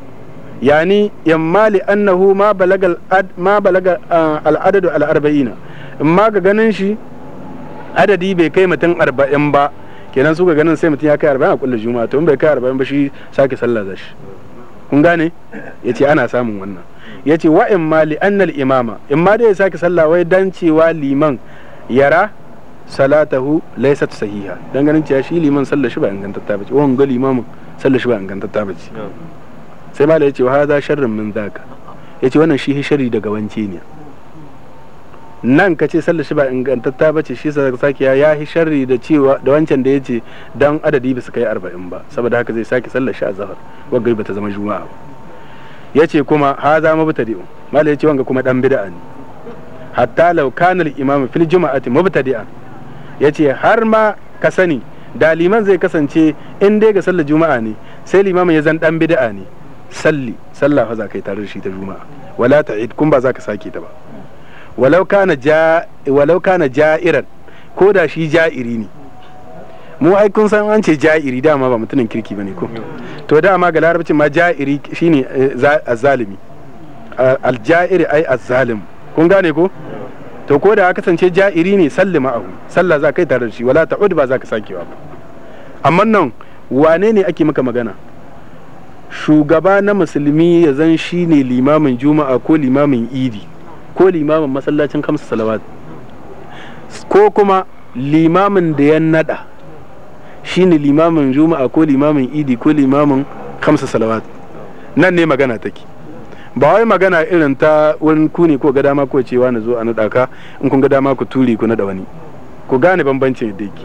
yani yamma li annahu ma balaga ah, al'adadu al'arba'ina in ma ga ganin shi adadi bai kai mutum arba'in ba kenan su ga ganin sai mutum ya kai arba'in a kulle juma'a to in bai kai arba'in ba shi sake sallah za shi kun gane ya ce ana samun wannan ya ce wa in ma li annal imama in ma dai ya sake sallah wai dan cewa liman yara salatahu laysat sahiha dan ganin cewa shi liman sallar shi ba ingantatta bace wa ga limamin sallar shi ba ingantatta bace sai malai ya ce wa hadha sharrun min zaka ya ce wannan shi shari daga wance ne nan ka ce sallar shi ba ingantatta ba ce shi sa sake ya yi sharri da cewa da wancan da ya ce don adadi ba su kai arba'in ba saboda haka zai sake sallar shi a zahar wagga ba ta zama juma'a ba ya ce kuma ha za mubtadi'un mala ya ce wanga kuma dan bid'a ne hatta law kana al-imam fil juma'ati mubtadi'an ya ce har ma ka sani da liman zai kasance in dai ga sallar juma'a ne sai limamin ya zan dan bida'a ne salli sallah fa za ka yi tare da shi ta juma'a wala ta'id kun ba za ka sake ta ba walau kana ja'iran ko da shi ja'iri ne mu ai kun san an ce ja'iri dama ba mutumin kirki bane ko to dama ga larabcin ma ja'iri shine eh, azzalimi alja'iri ai azzalim kun gane ko to ko da ya kasance ja'iri ne sallima ahu sallah za kai tare da shi wala ta'ud ba za ka sake ba amma nan wane ne ake maka magana shugaba na musulmi ya zan shine limamin juma'a ko limamin idi ko limamin masallacin kamsa salawat ko kuma limamin da ya nada shine limamin juma'a ko limamin idi ko limamin kamsa salawat nan ne magana take ba wai magana irin ta wurin ku ne ko gada ma ko cewa na zo a nada ka in kun gada ma ku turi ku naɗa wani ku gane bambancin yadda yake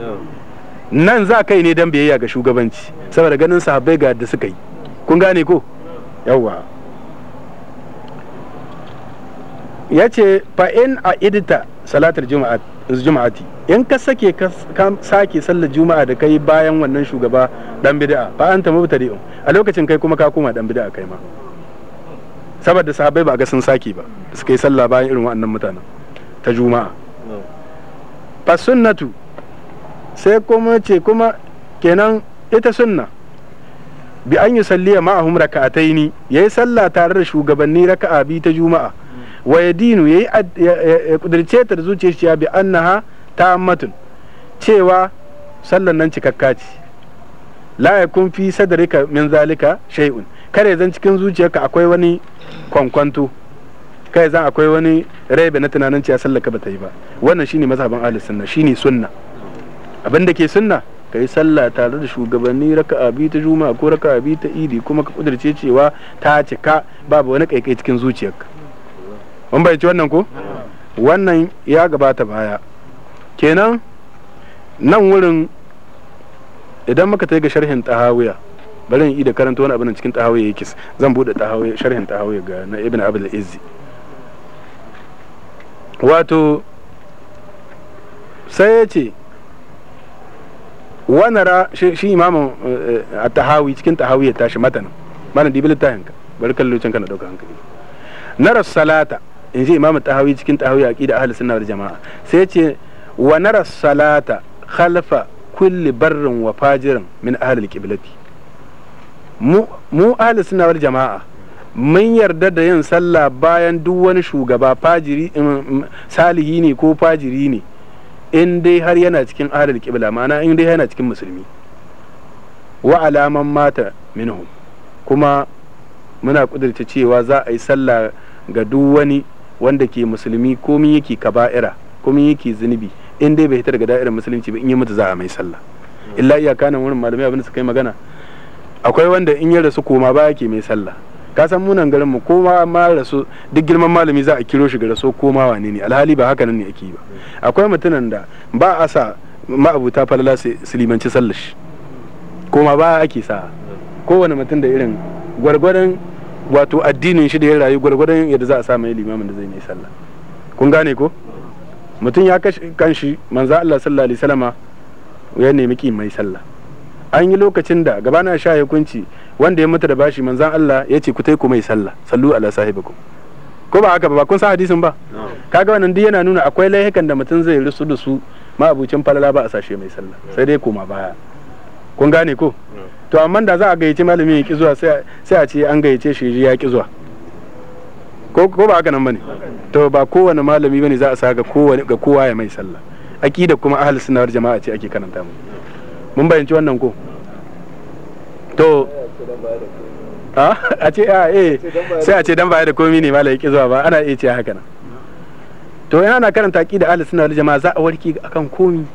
nan za kai ne dan biyayya ga shugabanci saboda ganin sahabbai ga da suka yi kun gane ko yawwa ya ce fa'in a idita salatar juma'ati in ka sake ka sake sallar juma'a da kai bayan wannan shugaba dan bid'a fa anta mubtadi'un a lokacin kai kuma ka koma dan bid'a kai ma saboda sahabbai ba ga sun sake ba suka yi sallah bayan irin wannan mutanen ta juma'a fa sunnatu sai kuma ce kuma kenan ita sunna bi an yi salliya ma'ahum raka'ataini yayi sallah tare da shugabanni raka'a bi ta juma'a wa ya yayi ya kudirce ta da zuciyar shi ya bi annaha ta'ammatun cewa sallan nan cikakka ce la kun fi sadarika min zalika shay'un kare zan cikin zuciyarka akwai wani kwankwanto kai zan akwai wani raibe na tunanin cewa sallaka bata yi ba wannan shine mazhaban ahlus sunna shine sunna abin da ke sunna ka yi sallah tare da shugabanni raka abi ta juma'a ko raka abi ta idi kuma ka kudirce cewa ta cika babu wani kaikai cikin zuciyarka mun bai ci wannan ko wannan ya gabata baya kenan nan wurin idan muka ta ga sharhin tahawiya bari in da karanta wani abin cikin tahawiya yake zan bude tahawiya sharhin tahawiya ga na ibn abdul izzi wato sai ya ce wanara shi imamu eh, a tahawi cikin tahawiya tashi matan mana dibilin tahinka bari kallon can kana dauka hankali nara salata in ce imamu tahawi cikin tahawi a ƙida na jama'a sai ce wa nara salata khalfa kulli barrin wa fajirin min ahalil qiblati mu mu ahli jama'a mun yarda da yin sallah bayan duk wani shugaba fajiri um, um, salihi ne ko fajiri ne in dai har yana cikin ahalil qibla ma'ana in dai yana cikin musulmi wa alaman mata minhum kuma muna kudurta cewa za a yi sallah ga duk wani wanda ke musulmi komi yake kaba'ira komi yake zunubi in dai bai hita daga da'irar musulunci ba in yi mata za a mai sallah illa iyaka nan wurin malamai abin su kai magana akwai wanda in ya rasu koma ba yake mai sallah ka san munan garin mu koma ma rasu duk girman malami za a kiro shi ga rasu koma wane ne alhali ba haka nan ne ake yi ba akwai mutunan da ba a sa ma'abuta falala su limanci sallah shi koma ba ake sa kowane mutum da irin gwargwadon wato addinin shi da ya rayu gwargwadon yadda za a sa mai limamin da zai mai sallah kun gane ko mutum ya kashi kanshi manzo Allah sallallahu alaihi wasallama ya nemi ki mai sallah an yi lokacin da gabana sha hukunci wanda ya mutu da bashi manzan Allah ya ce ku taiku mai sallah sallu ala sahibikum ko ba haka ba kun san hadisin ba kaga wannan duk yana nuna akwai laifukan da mutum zai rusu da su ma abucin falala ba a sashe mai sallah sai dai koma baya kun gane ko to amma da za a gayyace malami ya ki zuwa sai a ce an gayyace shi ya ki zuwa ko ba haka nan bane to ba kowane malami bane za a sa ga kowane ga kowa ya mai sallah aqida kuma ahli sunna jama'a ce ake karanta mu mun bayyanci wannan ko to a ce a eh sai a ce dan baya da komi ne malai ki zuwa ba ana iya ce haka nan to yana ana karanta aqida ahli sunna wal jama'a za a warke akan komi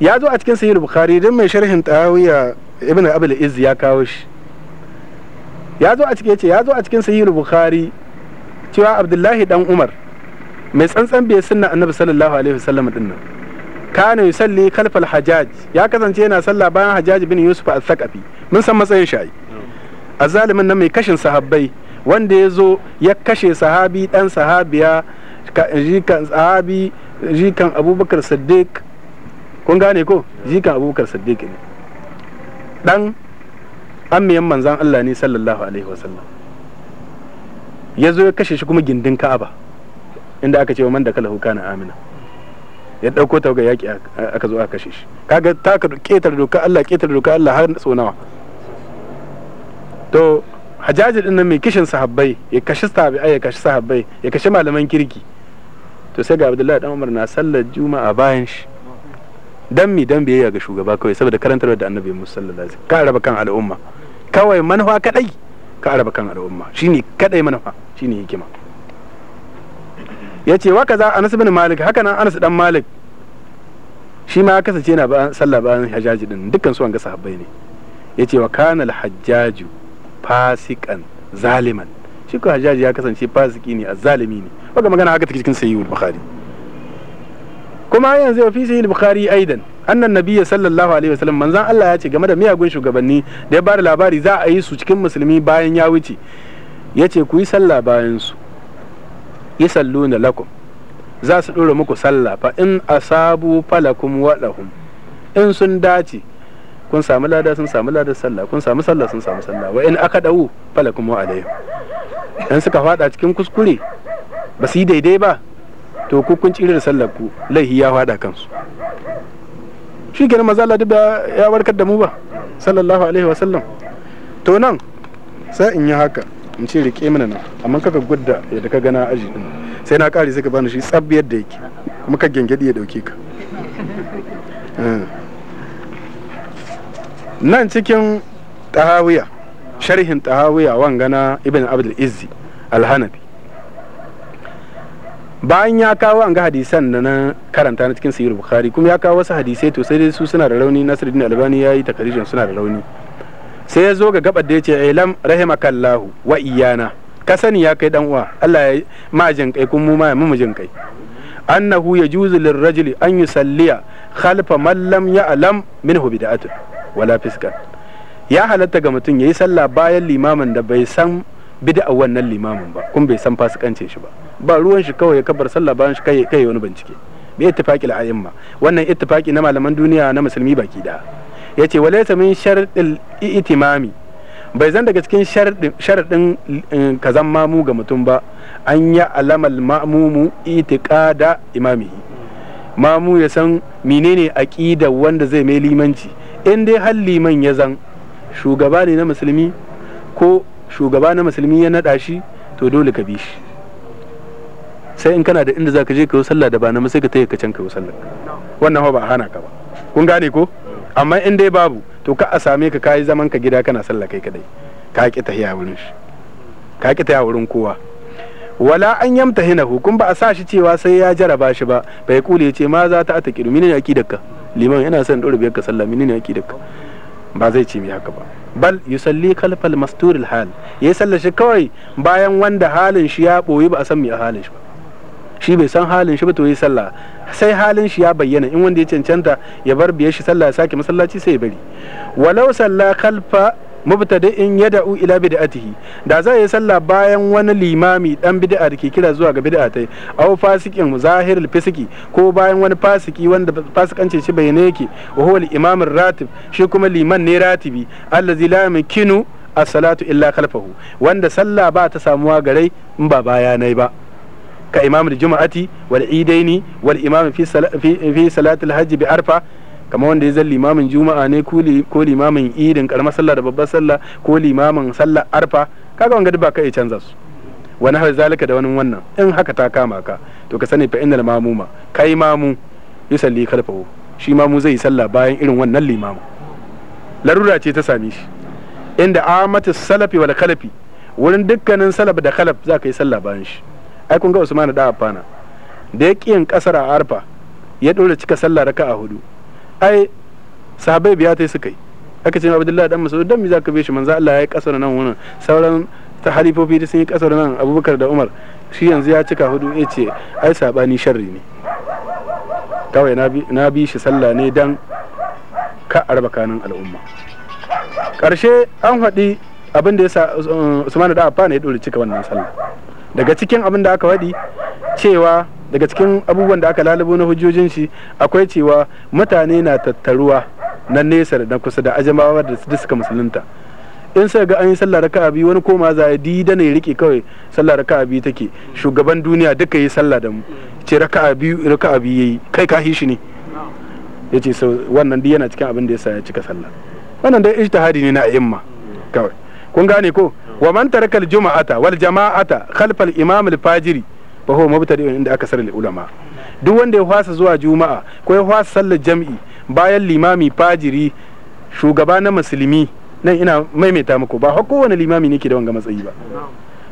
ya zo a cikin sahih bukhari dan mai sharhin tawiya ibn abul izz ya kawo shi ya zo a cikin yace ya zo a cikin sahihul bukhari cewa abdullahi dan umar mai tsantsan bai sunna annabi sallallahu alaihi wasallam din nan kana yusalli khalfal hajaj ya kasance yana sallah bayan hajaj bin yusuf al-thaqafi mun san matsayin shi azalimin nan mai kashin sahabbai wanda ya zo ya kashe sahabi dan sahabiya jikan sahabi jikan abubakar siddiq kun gane ko jikan abubakar siddiq ne ɗan ammiyan manzan Allah ne sallallahu alaihi wasallam ya zo ya kashe shi kuma gindin ka'aba inda aka ce wa man da kala kana amina ya ɗauko ta ga yaƙi aka zo aka kashe shi kaga ta ka ƙetar doka Allah ƙetar doka Allah har so nawa to hajaji din nan mai kishin sahabbai ya kashi sahabbai ya kashi sahabbai ya kashi malaman kirki to sai ga Abdullahi dan Umar na sallar juma'a bayan shi dan mi dan biyayya ga shugaba kawai saboda karantar da annabi musa sallallahu alaihi ka araba kan al'umma kawai manufa kadai ka araba kan al'umma shine kadai manufa shine hikima yace wa kaza Anas bin Malik haka nan Anas dan Malik shi ma ya kasance yana ba sallah ba Hajjaji din dukkan su ga sahabbai ne yace wa kana al-Hajjaju fasikan zaliman shi ko Hajjaji ya kasance fasiki ne azzalimi ne baka magana haka take cikin sayyid Bukhari kuma yanzu ya fi sahih bukhari aidan annan nabiyya sallallahu alaihi wasallam manzon Allah ya ce game da miyagun shugabanni da ya bada labari za a yi su cikin musulmi bayan ya wuce ya ce ku yi sallah bayan su yi sallu na lakum za su ɗora muku sallah fa in asabu falakum waɗahum in sun dace kun samu lada sun samu lada sallah kun samu sallah sun samu sallah wa in aka dawu falakum wa alayhim in suka fada cikin kuskure ba su yi daidai ba to ku kun tsira da sallar ku laihi ya fada kansu shi kenan maza Allah da ya warkar da mu ba sallallahu alaihi wasallam to nan sai in yi haka in ce rike mana nan amma kaka gudda yadda ka gana aji din sai na kare sai ka bani shi tsab yadda yake kuma ka gengedi eh. ya dauke ka nan cikin tahawiya sharhin tahawiya wangana ibn abdul izzi alhanafi bayan ya kawo an ga hadisan da na karanta na cikin sahih bukhari kuma ya kawo wasu hadisai to sai dai su suna da rauni nasiruddin albani yi takarijin suna da rauni sai ya zo ga gabar da ya ce ilam eh, rahimakallahu wa iyana ka sani ya kai dan uwa Allah ya ma jin kai kun mu ma mu jin kai annahu yajuzu lirrajuli an yusalliya khalfa man lam ya'lam minhu bid'atun wala fiskan ya halatta ga mutum yi sallah bayan limamin da bai san bid'a wannan limamin ba kun bai san fasikancin shi ba ba ruwan shi kawai kabar sallah bayan shi kai kai wani bincike bi ittifaqil a'imma wannan ittifaqi na malaman duniya na musulmi baki da yace walaysa min shartil itimami bai zan daga cikin sharadin eh, kazan mamu ga mutum ba an ya alamal ma'mumu itiqada imamihi mamu ya san menene aqida wanda zai mai limanci in dai hal liman ya zan shugaba ne na musulmi ko shugaba na musulmi ya nada shi to dole ka bi shi sai in kana da inda zaka je ka yi sallah da ba na sai ka taya ka can ka yi sallah wannan ba a hana ka ba kun gane ko amma in dai babu to ka a same ka kayi zaman ka gida kana sallah kai kadai ka ki tahiya wurin shi ka ki tahiya wurin kowa wala an yamta hina hukum ba a sa shi cewa sai ya jaraba shi ba bai kule ce ma za ta ata kidu yaki daka liman yana son dora biyar ka sallah yaki daka ba zai ce mi haka ba bal yusalli kalfal masturil hal yayi sallar shi kawai bayan wanda halin shi ya boye ba a san mi a halin shi ba shi bai san halin shi ba to yi sallah sai halin shi ya bayyana in wanda ya cancanta ya bar biyar shi sallah ya sake masallaci sai ya bari walau sallah kalfa in yada'u ila bid'atihi da za yi sallah bayan wani limami dan bid'a da ke kira zuwa ga bid'a tai aw fasikin zahirul fisiki ko bayan wani fasiki wanda fasikance shi bayyane yake wa huwa al-imam ratib shi kuma liman ne ratibi allazi la yamkinu as-salatu illa khalfahu wanda sallah ba ta samuwa garai in ba bayanai ba ka imam juma'ati wal idaini wal imam fi fi salatul hajj bi arfa kamar wanda ya zan limamin juma'a ne ko limamin idin karamar sallah da babbar sallah ko limamin sallah arfa kaga wanga duk ba ka iya canza su wani har zalika da wani wannan in haka ta kama ka to ka sani fa innal mamuma kai mamu yusalli khalfahu shi mamu zai yi sallah bayan irin wannan limamu larura ce ta same shi inda amatu salafi wal khalafi wurin dukkanin salaf da khalaf za ka yi sallah bayan shi ai kun ga usman da afana da ya kiyan kasar a arfa ya dora cika sallah raka a hudu ai sahabbai biya ta suka yi aka ce abdullahi dan mas'ud dan za zaka bi shi manzo Allah ya yi kasar nan wannan sauran ta halifofi da sun yi kasar nan abubakar da umar shi yanzu ya cika hudu ya ce ai sabani sharri ne kawai na bi shi sallah ne dan ka arba al'umma karshe an haɗi abin da ya sa um, usman da afana ya dora cika wannan sallah daga cikin abin da aka waɗi cewa daga cikin abubuwan da aka lalubo na hujjojin shi akwai cewa mutane na tattaruwa na nesa da kusa da ajamawa da su suka musulunta in sai ga an yi sallah raka'a biyu wani koma za ya dida ne rike kawai sallah raka'a biyu take shugaban duniya duka yi sallah da mu ce raka'a biyu raka'a biyu yayi kai ka shi ne wannan yana cikin abin da ya sa ya cika sallah wannan dai ijtihadi ne na a'imma kawai kun gane ko wa man taraka al-juma'ata wal jama'ata khalf al-imam al-fajiri fa huwa mubtadi'un inda akasar ulama duk wanda ya fasa zuwa juma'a ko ya fasa sallar jam'i bayan limami fajiri shugaba na musulmi nan ina maimaita muku ba kowane limami ne ke da wanga matsayi ba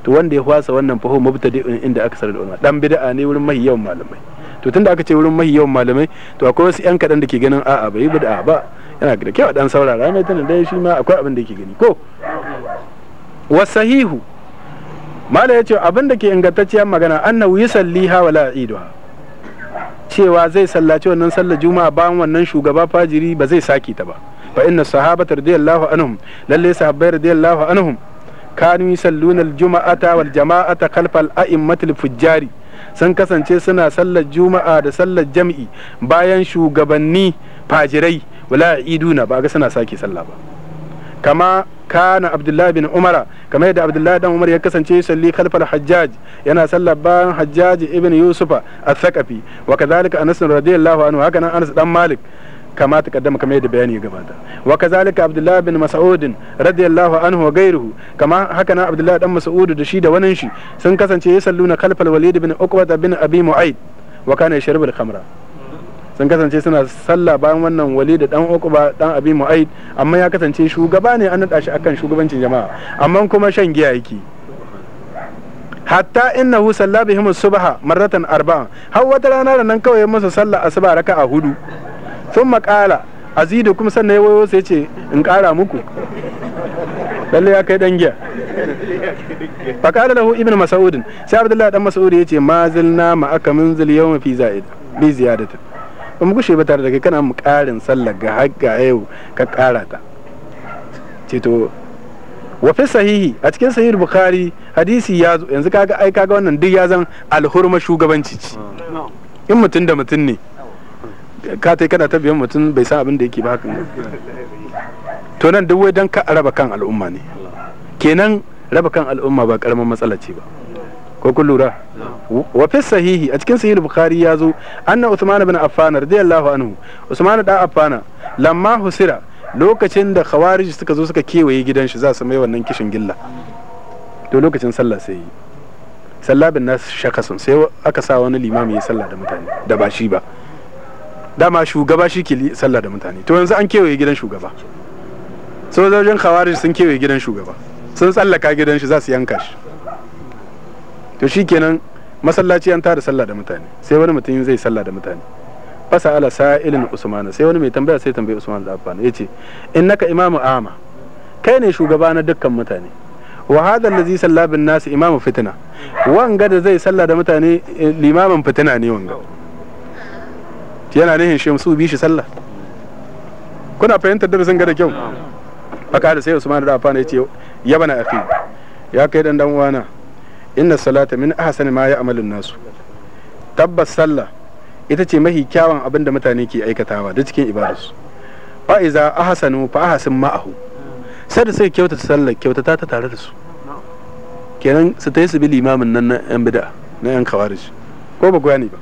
to wanda ya fasa wannan fa huwa mubtadi'un inda akasar ulama dan bid'a ne wurin mahi yawan malamai to tunda aka ce wurin mahi yawan malamai to akwai wasu yan kadan da ke ganin a'a bai bid'a ba yana da kyau dan saurara mai tunan dai shi ma akwai abin da yake gani ko wasahihu mala yace abin da ke ingantacciyar magana annahu yusalliha wala idu cewa zai sallaci wannan sallar juma'a bayan wannan shugaba fajiri ba zai saki ta ba fa inna sahabata radiyallahu anhum lalle sahabbai radiyallahu anhum kanu yusalluna aljuma'ata wal jama'ata khalfal a'immatil fujjari sun kasance suna sallar juma'a da sallar jam'i bayan shugabanni fajirai wala iduna ba ga suna sake sallah ba kama kana abdullahi bin umara kamar yadda abdullahi dan umar ya kasance salli khalfal hajjaj yana sallar bayan hajjaj ibn yusufa al-thaqafi wa kadhalika anas radiyallahu anhu haka nan anas dan malik kama ta kaddama kamar yadda bayani ya gabata wa kazalika abdullahi bin mas'ud radiyallahu anhu wa gairuhu kama haka na abdullahi dan mas'ud da shi da wanin shi sun kasance ya salluna khalfal walid bin uqba bin abi mu'aid wa kana yashrabul khamra sun kasance suna sallah bayan wannan wali da dan ba dan abi mu'aid amma ya kasance shugaba ne an nada shi akan shugabancin jama'a amma kuma shan giya yake hatta innahu salla bihim subha marratan arba'a har wata rana da nan kawai masa sallah asuba raka'a hudu sun makala azidu kuma sannan wayo sai ce in kara muku lalle ya kai dan giya fakala lahu ibnu mas'ud sai abdullahi dan mas'ud yace ma zilna ma aka munzil yawma fi za'id bi ziyadatin ba mu gushe ba tare da kai kana mu karin sallar ga hagga yau ka ƙara ta ceto wa fi sahihi a cikin sahih bukhari hadisi ya zo yanzu kaga ai kaga wannan duk ya zan alhurma shugabanci ci in mutum da mutum ne ka tai kana biyan mutum bai san abin da yake ba hakan to nan duk wai dan ka raba kan al'umma ne kenan raba kan al'umma ba karamin matsala ce ba ko kun lura wa fi sahihi a cikin sahih bukhari ya zo anna usman ibn affan radiyallahu anhu usman da affana lamma husira lokacin da khawarij suka zo suka kewaye gidan shi za su mai wannan kishin gilla to lokacin sallah sai yi sallah bin nas shakasun sai aka sa wani limami ya sallah da mutane da ba shi ba dama shugaba shi ke sallah da mutane to yanzu an kewaye gidan shugaba sojojin khawarij sun kewaye gidan shugaba sun tsallaka gidan shi za su yanka shi to shikenan masallaci an tada sallah da mutane sai wani mutum zai sallah da mutane fasa ala sa'ilin usmana sai wani mai tambaya sai tambayi usman da affan yace innaka imamu ama kai ne shugaba na dukkan mutane wa hadha allazi salla bin nas imamu fitina wanga da zai sallah da mutane eh, limamin fitina ne wanga yana nihin shi su bi shi sallah kuna fahimtar darasin ga da kyau aka da sai usman da affan yace yabana afi ya kai dan dan uwana inna salata min ahsani ma ya'malun nasu tabbas sallah ita ce mahi kyawun abin da mutane ke aikatawa da cikin ibadarsu fa iza ahsanu fa ahsan ma'ahu sai da kyauta kyautata Sallah kyautata ta tare da su kenan su ta yi su bi limamin nan na yan bida na yan kawarij ko ba gwani ba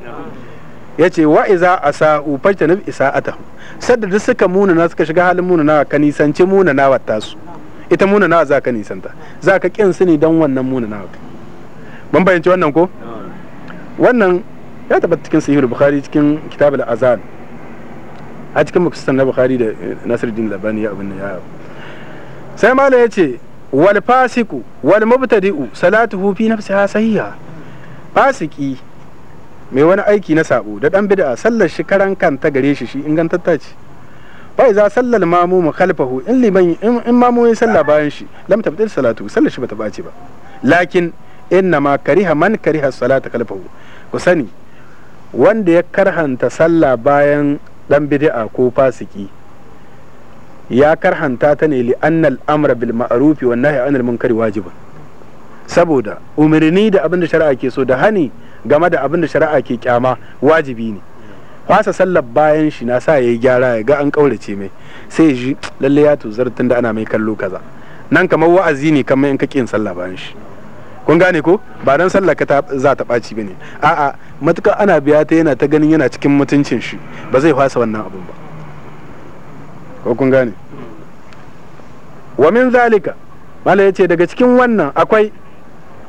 ya ce wa iza asa ufarta na isa'ata sadda duk suka munana suka shiga halin munana ka nisanci munana wata su ita munana za ka nisanta za ka kin su ne don wannan munana wata ban bayanci wannan ko wannan ya taba cikin sahihul bukhari cikin kitab al-azan a cikin mukhtasar na bukhari da eh, nasiruddin labani ya abin ya sai mala ya ce wal fasiku wal mubtadi'u salatuhu fi nafsiha sahiha fasiki mai wani aiki na sabo da dan bid'a sallar shi karan kanta gare shi shi ingantatta ce fa iza sallal mamu khalfahu in liman in mamu ya salla bayan shi lam tabtil salatu sallar shi bata bace ba lakin inna ma kariha man kariha salata kalfahu ku sani wanda ya karhanta sallah bayan dan bid'a ko fasiki ya karhanta ta ne li al amra bil ma'ruf wa nahyi anil munkari wajibun saboda umarni da abin da shari'a ke so da hani game da abin da shari'a ke kyama wajibi ne fasa sallar bayan shi na sa yayi gyara ya ga an kaurace mai sai ji lalle ya tuzar tunda ana mai kallo kaza nan kamar wa'azi ne kamar in ka kin sallah bayan shi kun gane ko ba dan sallah ka za ta ɓaci ba ne a'a matukar ana biya ta yana ta ganin yana cikin mutuncin shi ba zai fasa wannan abun ba ko kun gane wa min zalika mala yace daga cikin wannan akwai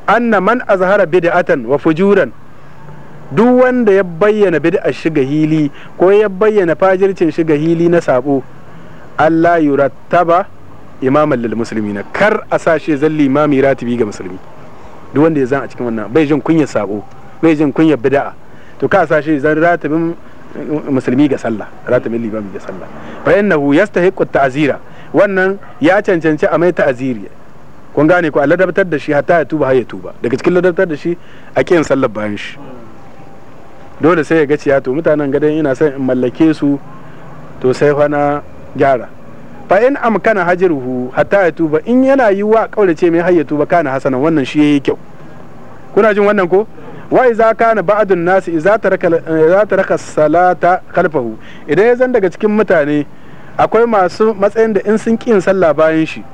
anna man azhara bid'atan wa fujuran duk wanda ya bayyana bid'a shiga hili ko ya bayyana fajircin shiga hili na sabo Allah yurattaba imaman lil muslimina kar a sashe zalli imami ratibi ga musulmi duk wanda ya zan a cikin wannan bai jin kunyar sabo bai jin kunyar bid'a to ka sa shi zan ratabin musulmi ga sallah ratabin libami ga sallah fa innahu yastahiqqu ta'zira wannan ya cancanci a mai ta'ziri kun gane ko a ladabtar da shi hatta ya tuba har ya tuba daga cikin ladabtar da shi a kiyan sallar bayan shi dole sai ya ga ciya to mutanen gadon ina son in mallake su to sai fa na gyara fa in amkana hajiruhu hatta ya tuba in yana yi wa kaurace mai hayya tuba kana hasanan wannan shi yayi kyau kuna jin wannan ko wa iza kana ba'dun nasi iza taraka iza taraka salata khalfahu idan ya zan daga cikin mutane akwai masu matsayin da in sun kin sallah bayan shi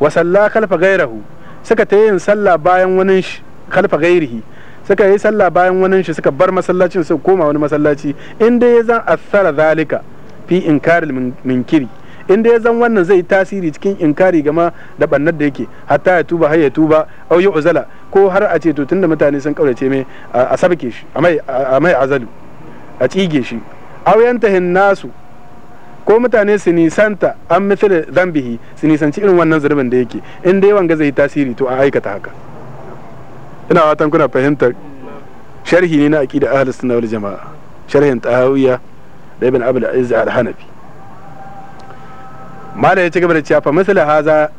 wa salla khalfa gairahu suka ta yin sallah bayan wani shi khalfa gairihi suka yi sallah bayan wani shi suka bar masallacin su koma wani masallaci in dai ya zan asara zalika fi inkaril minkiri inda ya zan wannan zai tasiri cikin inkari gama da bannar da yake hatta ya tuba har ya tuba au ya uzala ko har a ce to tunda mutane sun kaurace mai a sabke shi a mai azalu a tsige shi au yantahin nasu ko mutane su nisanta an mithil zambihi su nisanci irin wannan zurbin da yake in dai wanga zai tasiri to a aikata haka ina watan kuna fahimtar sharhi ne na aqida ahlus sunna wal jamaa sharhin tahawiyya da ibn abdul aziz al-hanafi mala ya ci gaba da cewa fa misali haza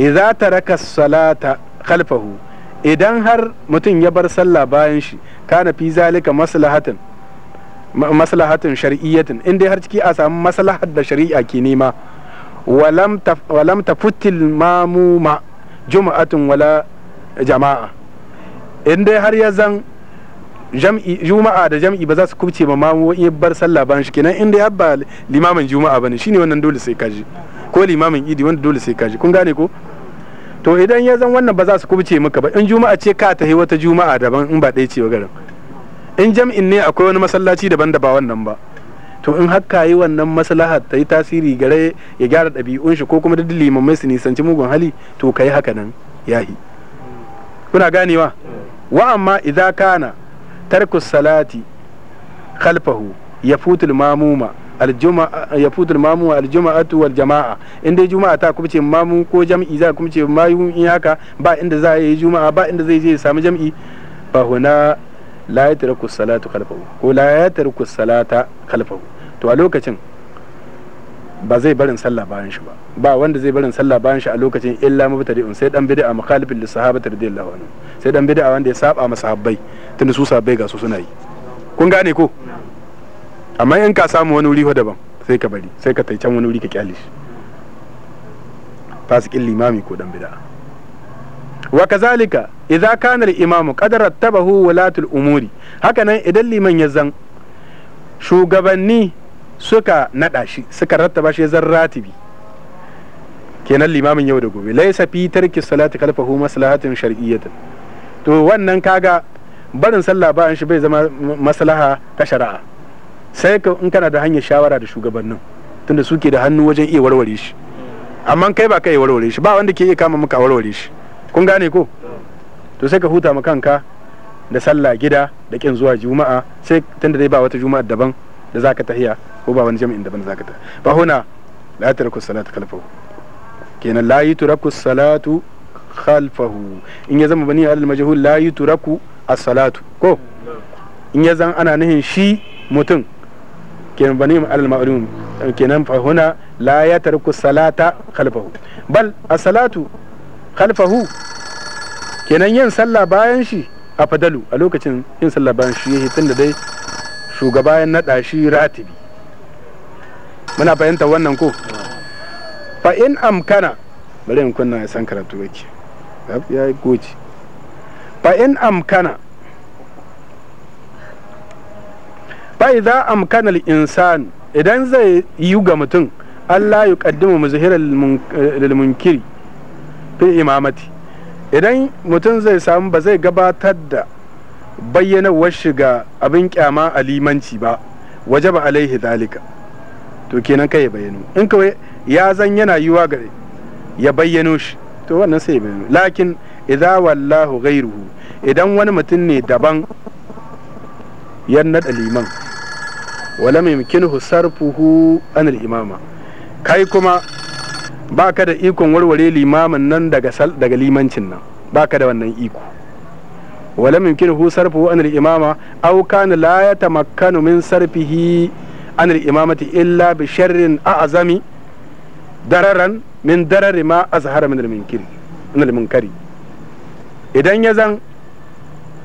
idza taraka salata khalfahu idan har mutum ya bar sallah bayan shi kana fi zalika maslahatin maslahatin shar'iyyatin indai har ciki a samu maslahar da shari'a ke nema walam tafutil mamuma juma'atin wala jama'a indai har ya zan jam'i juma'a da jam'i ba za su kubce ba mamu in bar sallah ba shi kenan inda ya ba limamin juma'a bane shine wannan dole sai kaji ko limamin idi wanda dole sai kaji kun gane ko to idan ya zan wannan ba za su kubce maka ba in juma'a ce ka tahi wata juma'a daban in ba ɗaya ce garin in jam'in ne akwai wani masallaci daban da ba wannan ba to in haka yi wannan maslaha ta yi tasiri gare ya gyara ɗabi'un shi ko kuma da limamai su nisanci mugun hali to ka yi haka nan yahi kuna ganewa wa amma idan kana tarku salati khalfahu ya yafutul mamuma yafutul mamu aljuma'atu wal jama'a in dai juma'a ta kuma ce mamu ko jam'i za kuma ce mayu in haka ba inda za yi juma'a ba inda zai je ya samu jam'i ba huna la yatraku salatu khalfahu ko la yatraku salata khalfahu to a lokacin ba zai barin sallah bayan shi ba ba wanda zai barin sallah bayan shi a lokacin illa mubtadi'un sai dan bid'a mukhalifin lis sahabati radiyallahu anhu sai dan bid'a wanda ya saba ma sahabbai tunda su sahabbai ga su suna yi kun gane ko amma in ka samu wani wuri daban sai ka bari sai ka taicen wani wuri ka kyale shi fasikin limami ko dan bid'a wa kazalika idza kana al-imam qad rattabahu walatul umuri hakanan idan liman ya zan shugabanni suka naɗa shi suka rattaba shi zan ratibi kenan limamin yau da gobe laisa fi tarki salati kalfahu maslahatin shar'iyyatin to wannan kaga barin sallah bayan shi bai zama maslaha ta shari'a sai ka in kana da hanyar shawara da shugabannin tunda suke da hannu wajen iya warware shi amma kai ba kai warware shi ba wanda ke iya kama maka warware shi kun gane ko to sai ka huta ma kanka da sallah gida da kin zuwa juma'a sai tunda dai ba wata juma'a daban da zaka tahiya ko ba wani jami'in daban da zaka ta ba huna la tarku salata khalfahu kenan la yutraku salatu khalfahu in ya zama bani al majhul la yutraku as-salatu ko in ya zan ana nihin shi mutum kenan bani al ma'lum kenan fa huna la yatarku salata khalfahu bal as-salatu khalfahu kenan yin sallah bayan shi a fadalu a lokacin yin sallah bayan shi yake tunda dai shugaba ya naɗa shi ratibi muna fahimta wannan ko fa in amkana bari in kunna san karatu yake ya yi goji fa in amkana fa idza amkana al-insan idan zai yi ga mutum Allah ya kaddima muzahira lil-munkiri fi imamati idan mutum zai samu ba zai gabatar da bayyanawar shiga abin kyama a limanci ba waje ba alaihi zalika to kenan kai ya bayyano in kawai ya zan yana yiwa ga ya bayyano shi to wannan sai ya bayyano lakin idza wallahu ghairuhu idan wani mutum ne daban ya nada liman wala yumkinuhu sarfuhu al imama kai kuma baka da ikon warware limamin nan daga daga limancin nan baka da wannan iko wa lam hu sarfuhu an al-imama aw kana la yatamakkanu min sarfihi an al-imamati illa bi sharrin a'zami dararan min darari ma azhara min al min al-munkari idan ya zan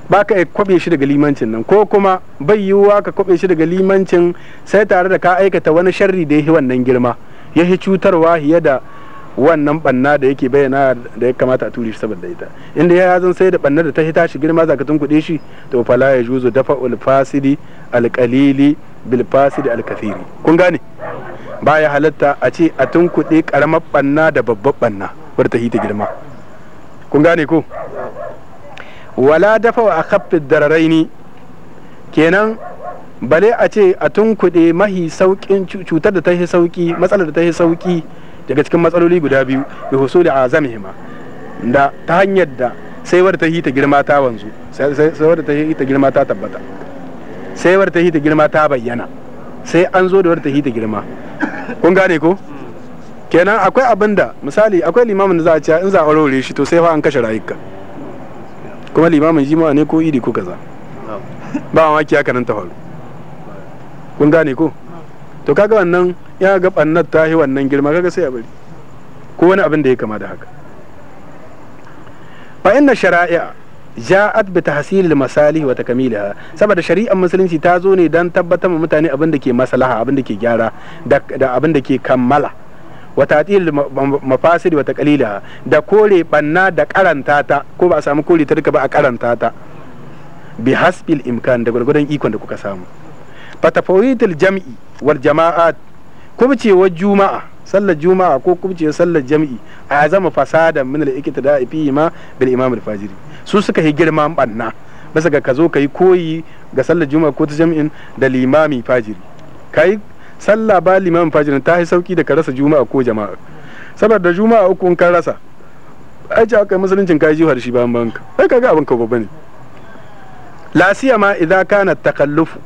baka ka kwabe shi daga limancin nan ko kuma bai yiwuwa ka kwabe shi daga limancin sai tare da ka aikata wani sharri da ya yi wannan girma ya yi cutarwa hiye da wannan banna da yake bayyana da ya kamata a ture shi saboda ita inda ya zan sai da banna da ta hita shi girma zakatun kuɗi shi to fala ya juzu dafa ulfasidi alƙalili bil fasidi kun gane ya halatta a ce a tun kuɗi ƙaramar banna da babbar banna wadda ta hita girma kun gane ko wala dafa wa akhaffid dararaini kenan bale a ce a tun kuɗi mahi sauƙin cutar da ta yi sauƙi matsalar da ta yi sauƙi daga cikin matsaloli guda biyu bi husuli azamihima da ta hanyar da sai wadda ta yi ta girma ta wanzu sai wadda ta yi ta girma ta tabbata sai wadda ta yi ta girma ta bayyana sai an zo da wadda ta yi ta girma kun gane ko kenan akwai abin da misali akwai limamin da za a ce in za a aure shi to sai fa an kashe rayuka kuma limamin ma ne ko idi ko kaza ba mamaki haka nan ta faru kun gane ko to kaga wannan ya ga ɓannar ta yi wannan girma kaga sai a bari ko wani abin da ya kama da haka fa inna shari'a ja'at bi tahsil masalih wa takmiliha saboda shari'ar musulunci ta zo ne dan tabbatar ma mutane abin da ke maslaha abin da ke gyara da abin da ke kammala wa tatil mafasid wa taqlila da kore banna da karanta ta ko ba a samu kore ta duka ba a karanta ta bi hasbil imkan da gurgurdan ikon da kuka samu tafawitul jam'i wal jama'at kubcewar juma'a sallar juma'a ko kubcewar sallar jam'i a zama fasada min al-iqtida fi ma bil imam al-fajiri su suka yi girman banna bisa ga ka zo yi koyi ga sallar juma'a ko ta jam'in da limami fajiri kai sallah ba limamin fajiri ta yi sauki da ka rasa juma'a ko jama'a saboda juma'a uku kan rasa ai ce aka musuluncin kai jiwa da shi bayan banka kai kaga abin ka babba ne la siyama idza kana takallufu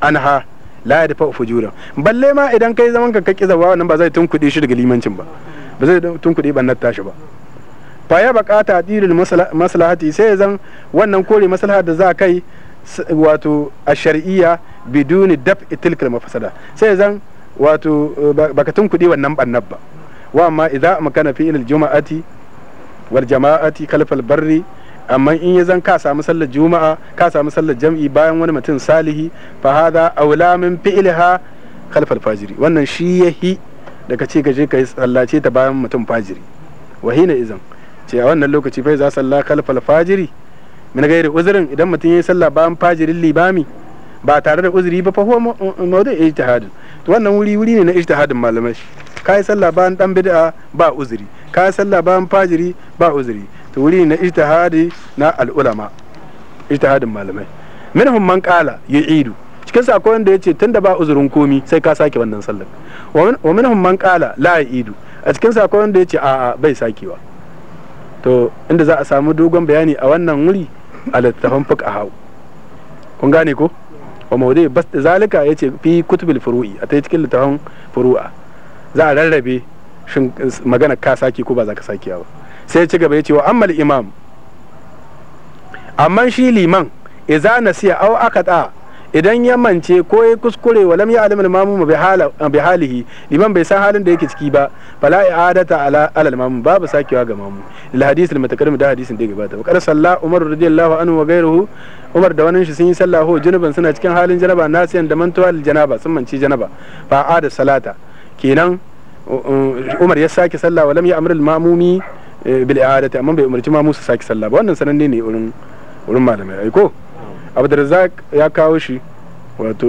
anha la ya dafa fujura balle ma idan kai zaman ka kaki zaba wannan ba zai tunkuɗe shi daga limancin ba ba zai tunkuɗe bannar tashi ba fa ya bukata dilil maslahati sai zan wannan kore maslaha da za kai wato a shar'iyya biduni daf tilkal mafsada sai zan wato eh, baka tunkuɗe wannan bannar ba wa amma idza makana fi il juma'ati wal jama'ati kalfal barri amma in ya zan ka samu sallar juma'a ka samu sallar jam'i bayan wani mutum salihi fa hada aula min fi'liha al fajiri wannan shi yahi daga ce gaje ka sallace ta bayan mutum fajiri wahina izan ce a wannan lokaci fa za salla al fajiri min gairi uzrin idan mutum yayi sallah bayan fajirin libami ba tare da uzuri ba fa huwa mawdu' ijtihad to wannan wuri wuri ne na ijtihadin malamai kai sallah bayan dan bid'a ba uzuri kai sallah bayan fajiri ba uzuri to wuri na ijtihadi na al'ulama ijtihadin malamai minhum man qala yu'idu cikin sa wanda yace tunda ba uzurin komi sai ka sake wannan sallar wa minhum man qala la yu'idu a cikin sa wanda yace a bai sakewa to inda za a samu dogon bayani a wannan wuri a littafin fuqaha kun gane ko wa Maude bas zalika yace fi kutubil furu'i a ta cikin littafin furu'a za a rarrabe shin magana ka sake ko ba za ka sake ba sai ci gaba ya ce wa amma imam amma shi liman iza nasiya aw akata idan ya mance ko ya kuskure wa lam ya'lam al-mamu bi halihi liman bai san halin da yake ciki ba fala i'adata ala al-mamu babu sakewa ga mamu lil hadith al mutakarrim da hadisin da gabata wa salla umar radiyallahu anhu wa ghayruhu umar da wani shi sun yi sallah ho junuban suna cikin halin janaba nasiyan da mantuwa al-janaba sun mance janaba fa ada salata kenan umar ya sake sallah wa lam ya'mur al-mamumi bil i'adati amma bai umarci ma musu saki sallah ba wannan sananne ne urin urin malamai aiko abdurrazzaq ya kawo shi wato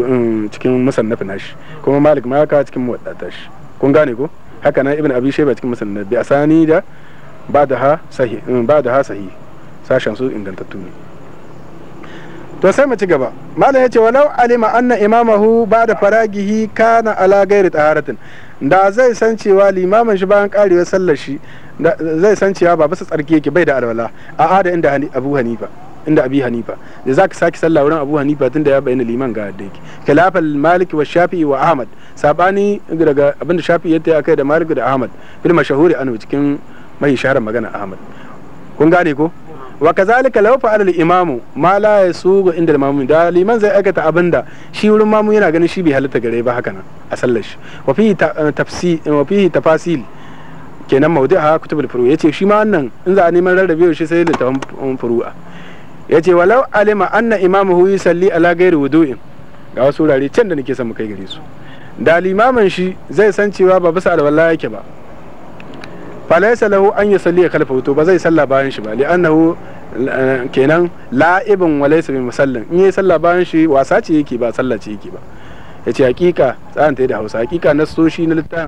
cikin musannaf nashi kuma malik ma ya kawo cikin muwaddata shi kun gane ko haka na ibn abi shayba cikin musannaf bi asani da ba da ha sahih ba da ha sahih sashen su ingantattu ne to sai mu ci gaba malam yace walau alima anna imamahu ba'da faragihi kana ala ghairi taharatin da zai san cewa limaman shi bayan karewa sallar shi zai san cewa ba bisa tsarki yake bai da alwala a ada inda abu hanifa inda abi hanifa da zaka saki sallah wurin abu hanifa tunda ya bayyana liman ga yadda yake khilafal malik wa shafi'i wa ahmad sabani daga abinda shafi'i ya tayi akai da malik da ahmad fil mashahuri anu cikin mai sharar magana ahmad kun gane ko wa kazalika law fa'ala al-imamu ma la yasugu inda al-mamu da liman zai aikata abinda shi wurin mamu yana ganin shi bai halitta gare ba haka nan a sallar shi wa fi eh, tafsi wa fi tafasil kenan mawdu'a al furu yace shi ma wannan in za a neman rarrabe shi sai littafin furu'a yace walau alima anna imamuhu yusalli ala ghairi wudu'in ga wasu wurare can da nake son mu kai gare su da limamin shi zai san cewa ba bisa alwala yake ba falaisa lahu an ya salli ya to ba zai salla bayan shi ba li annahu kenan la'ibin wa laysa bi musallin in yi salla bayan shi wasa ce yake ba salla ce yake ba yace hakika tsarin ta da Hausa hakika na soshi na littafin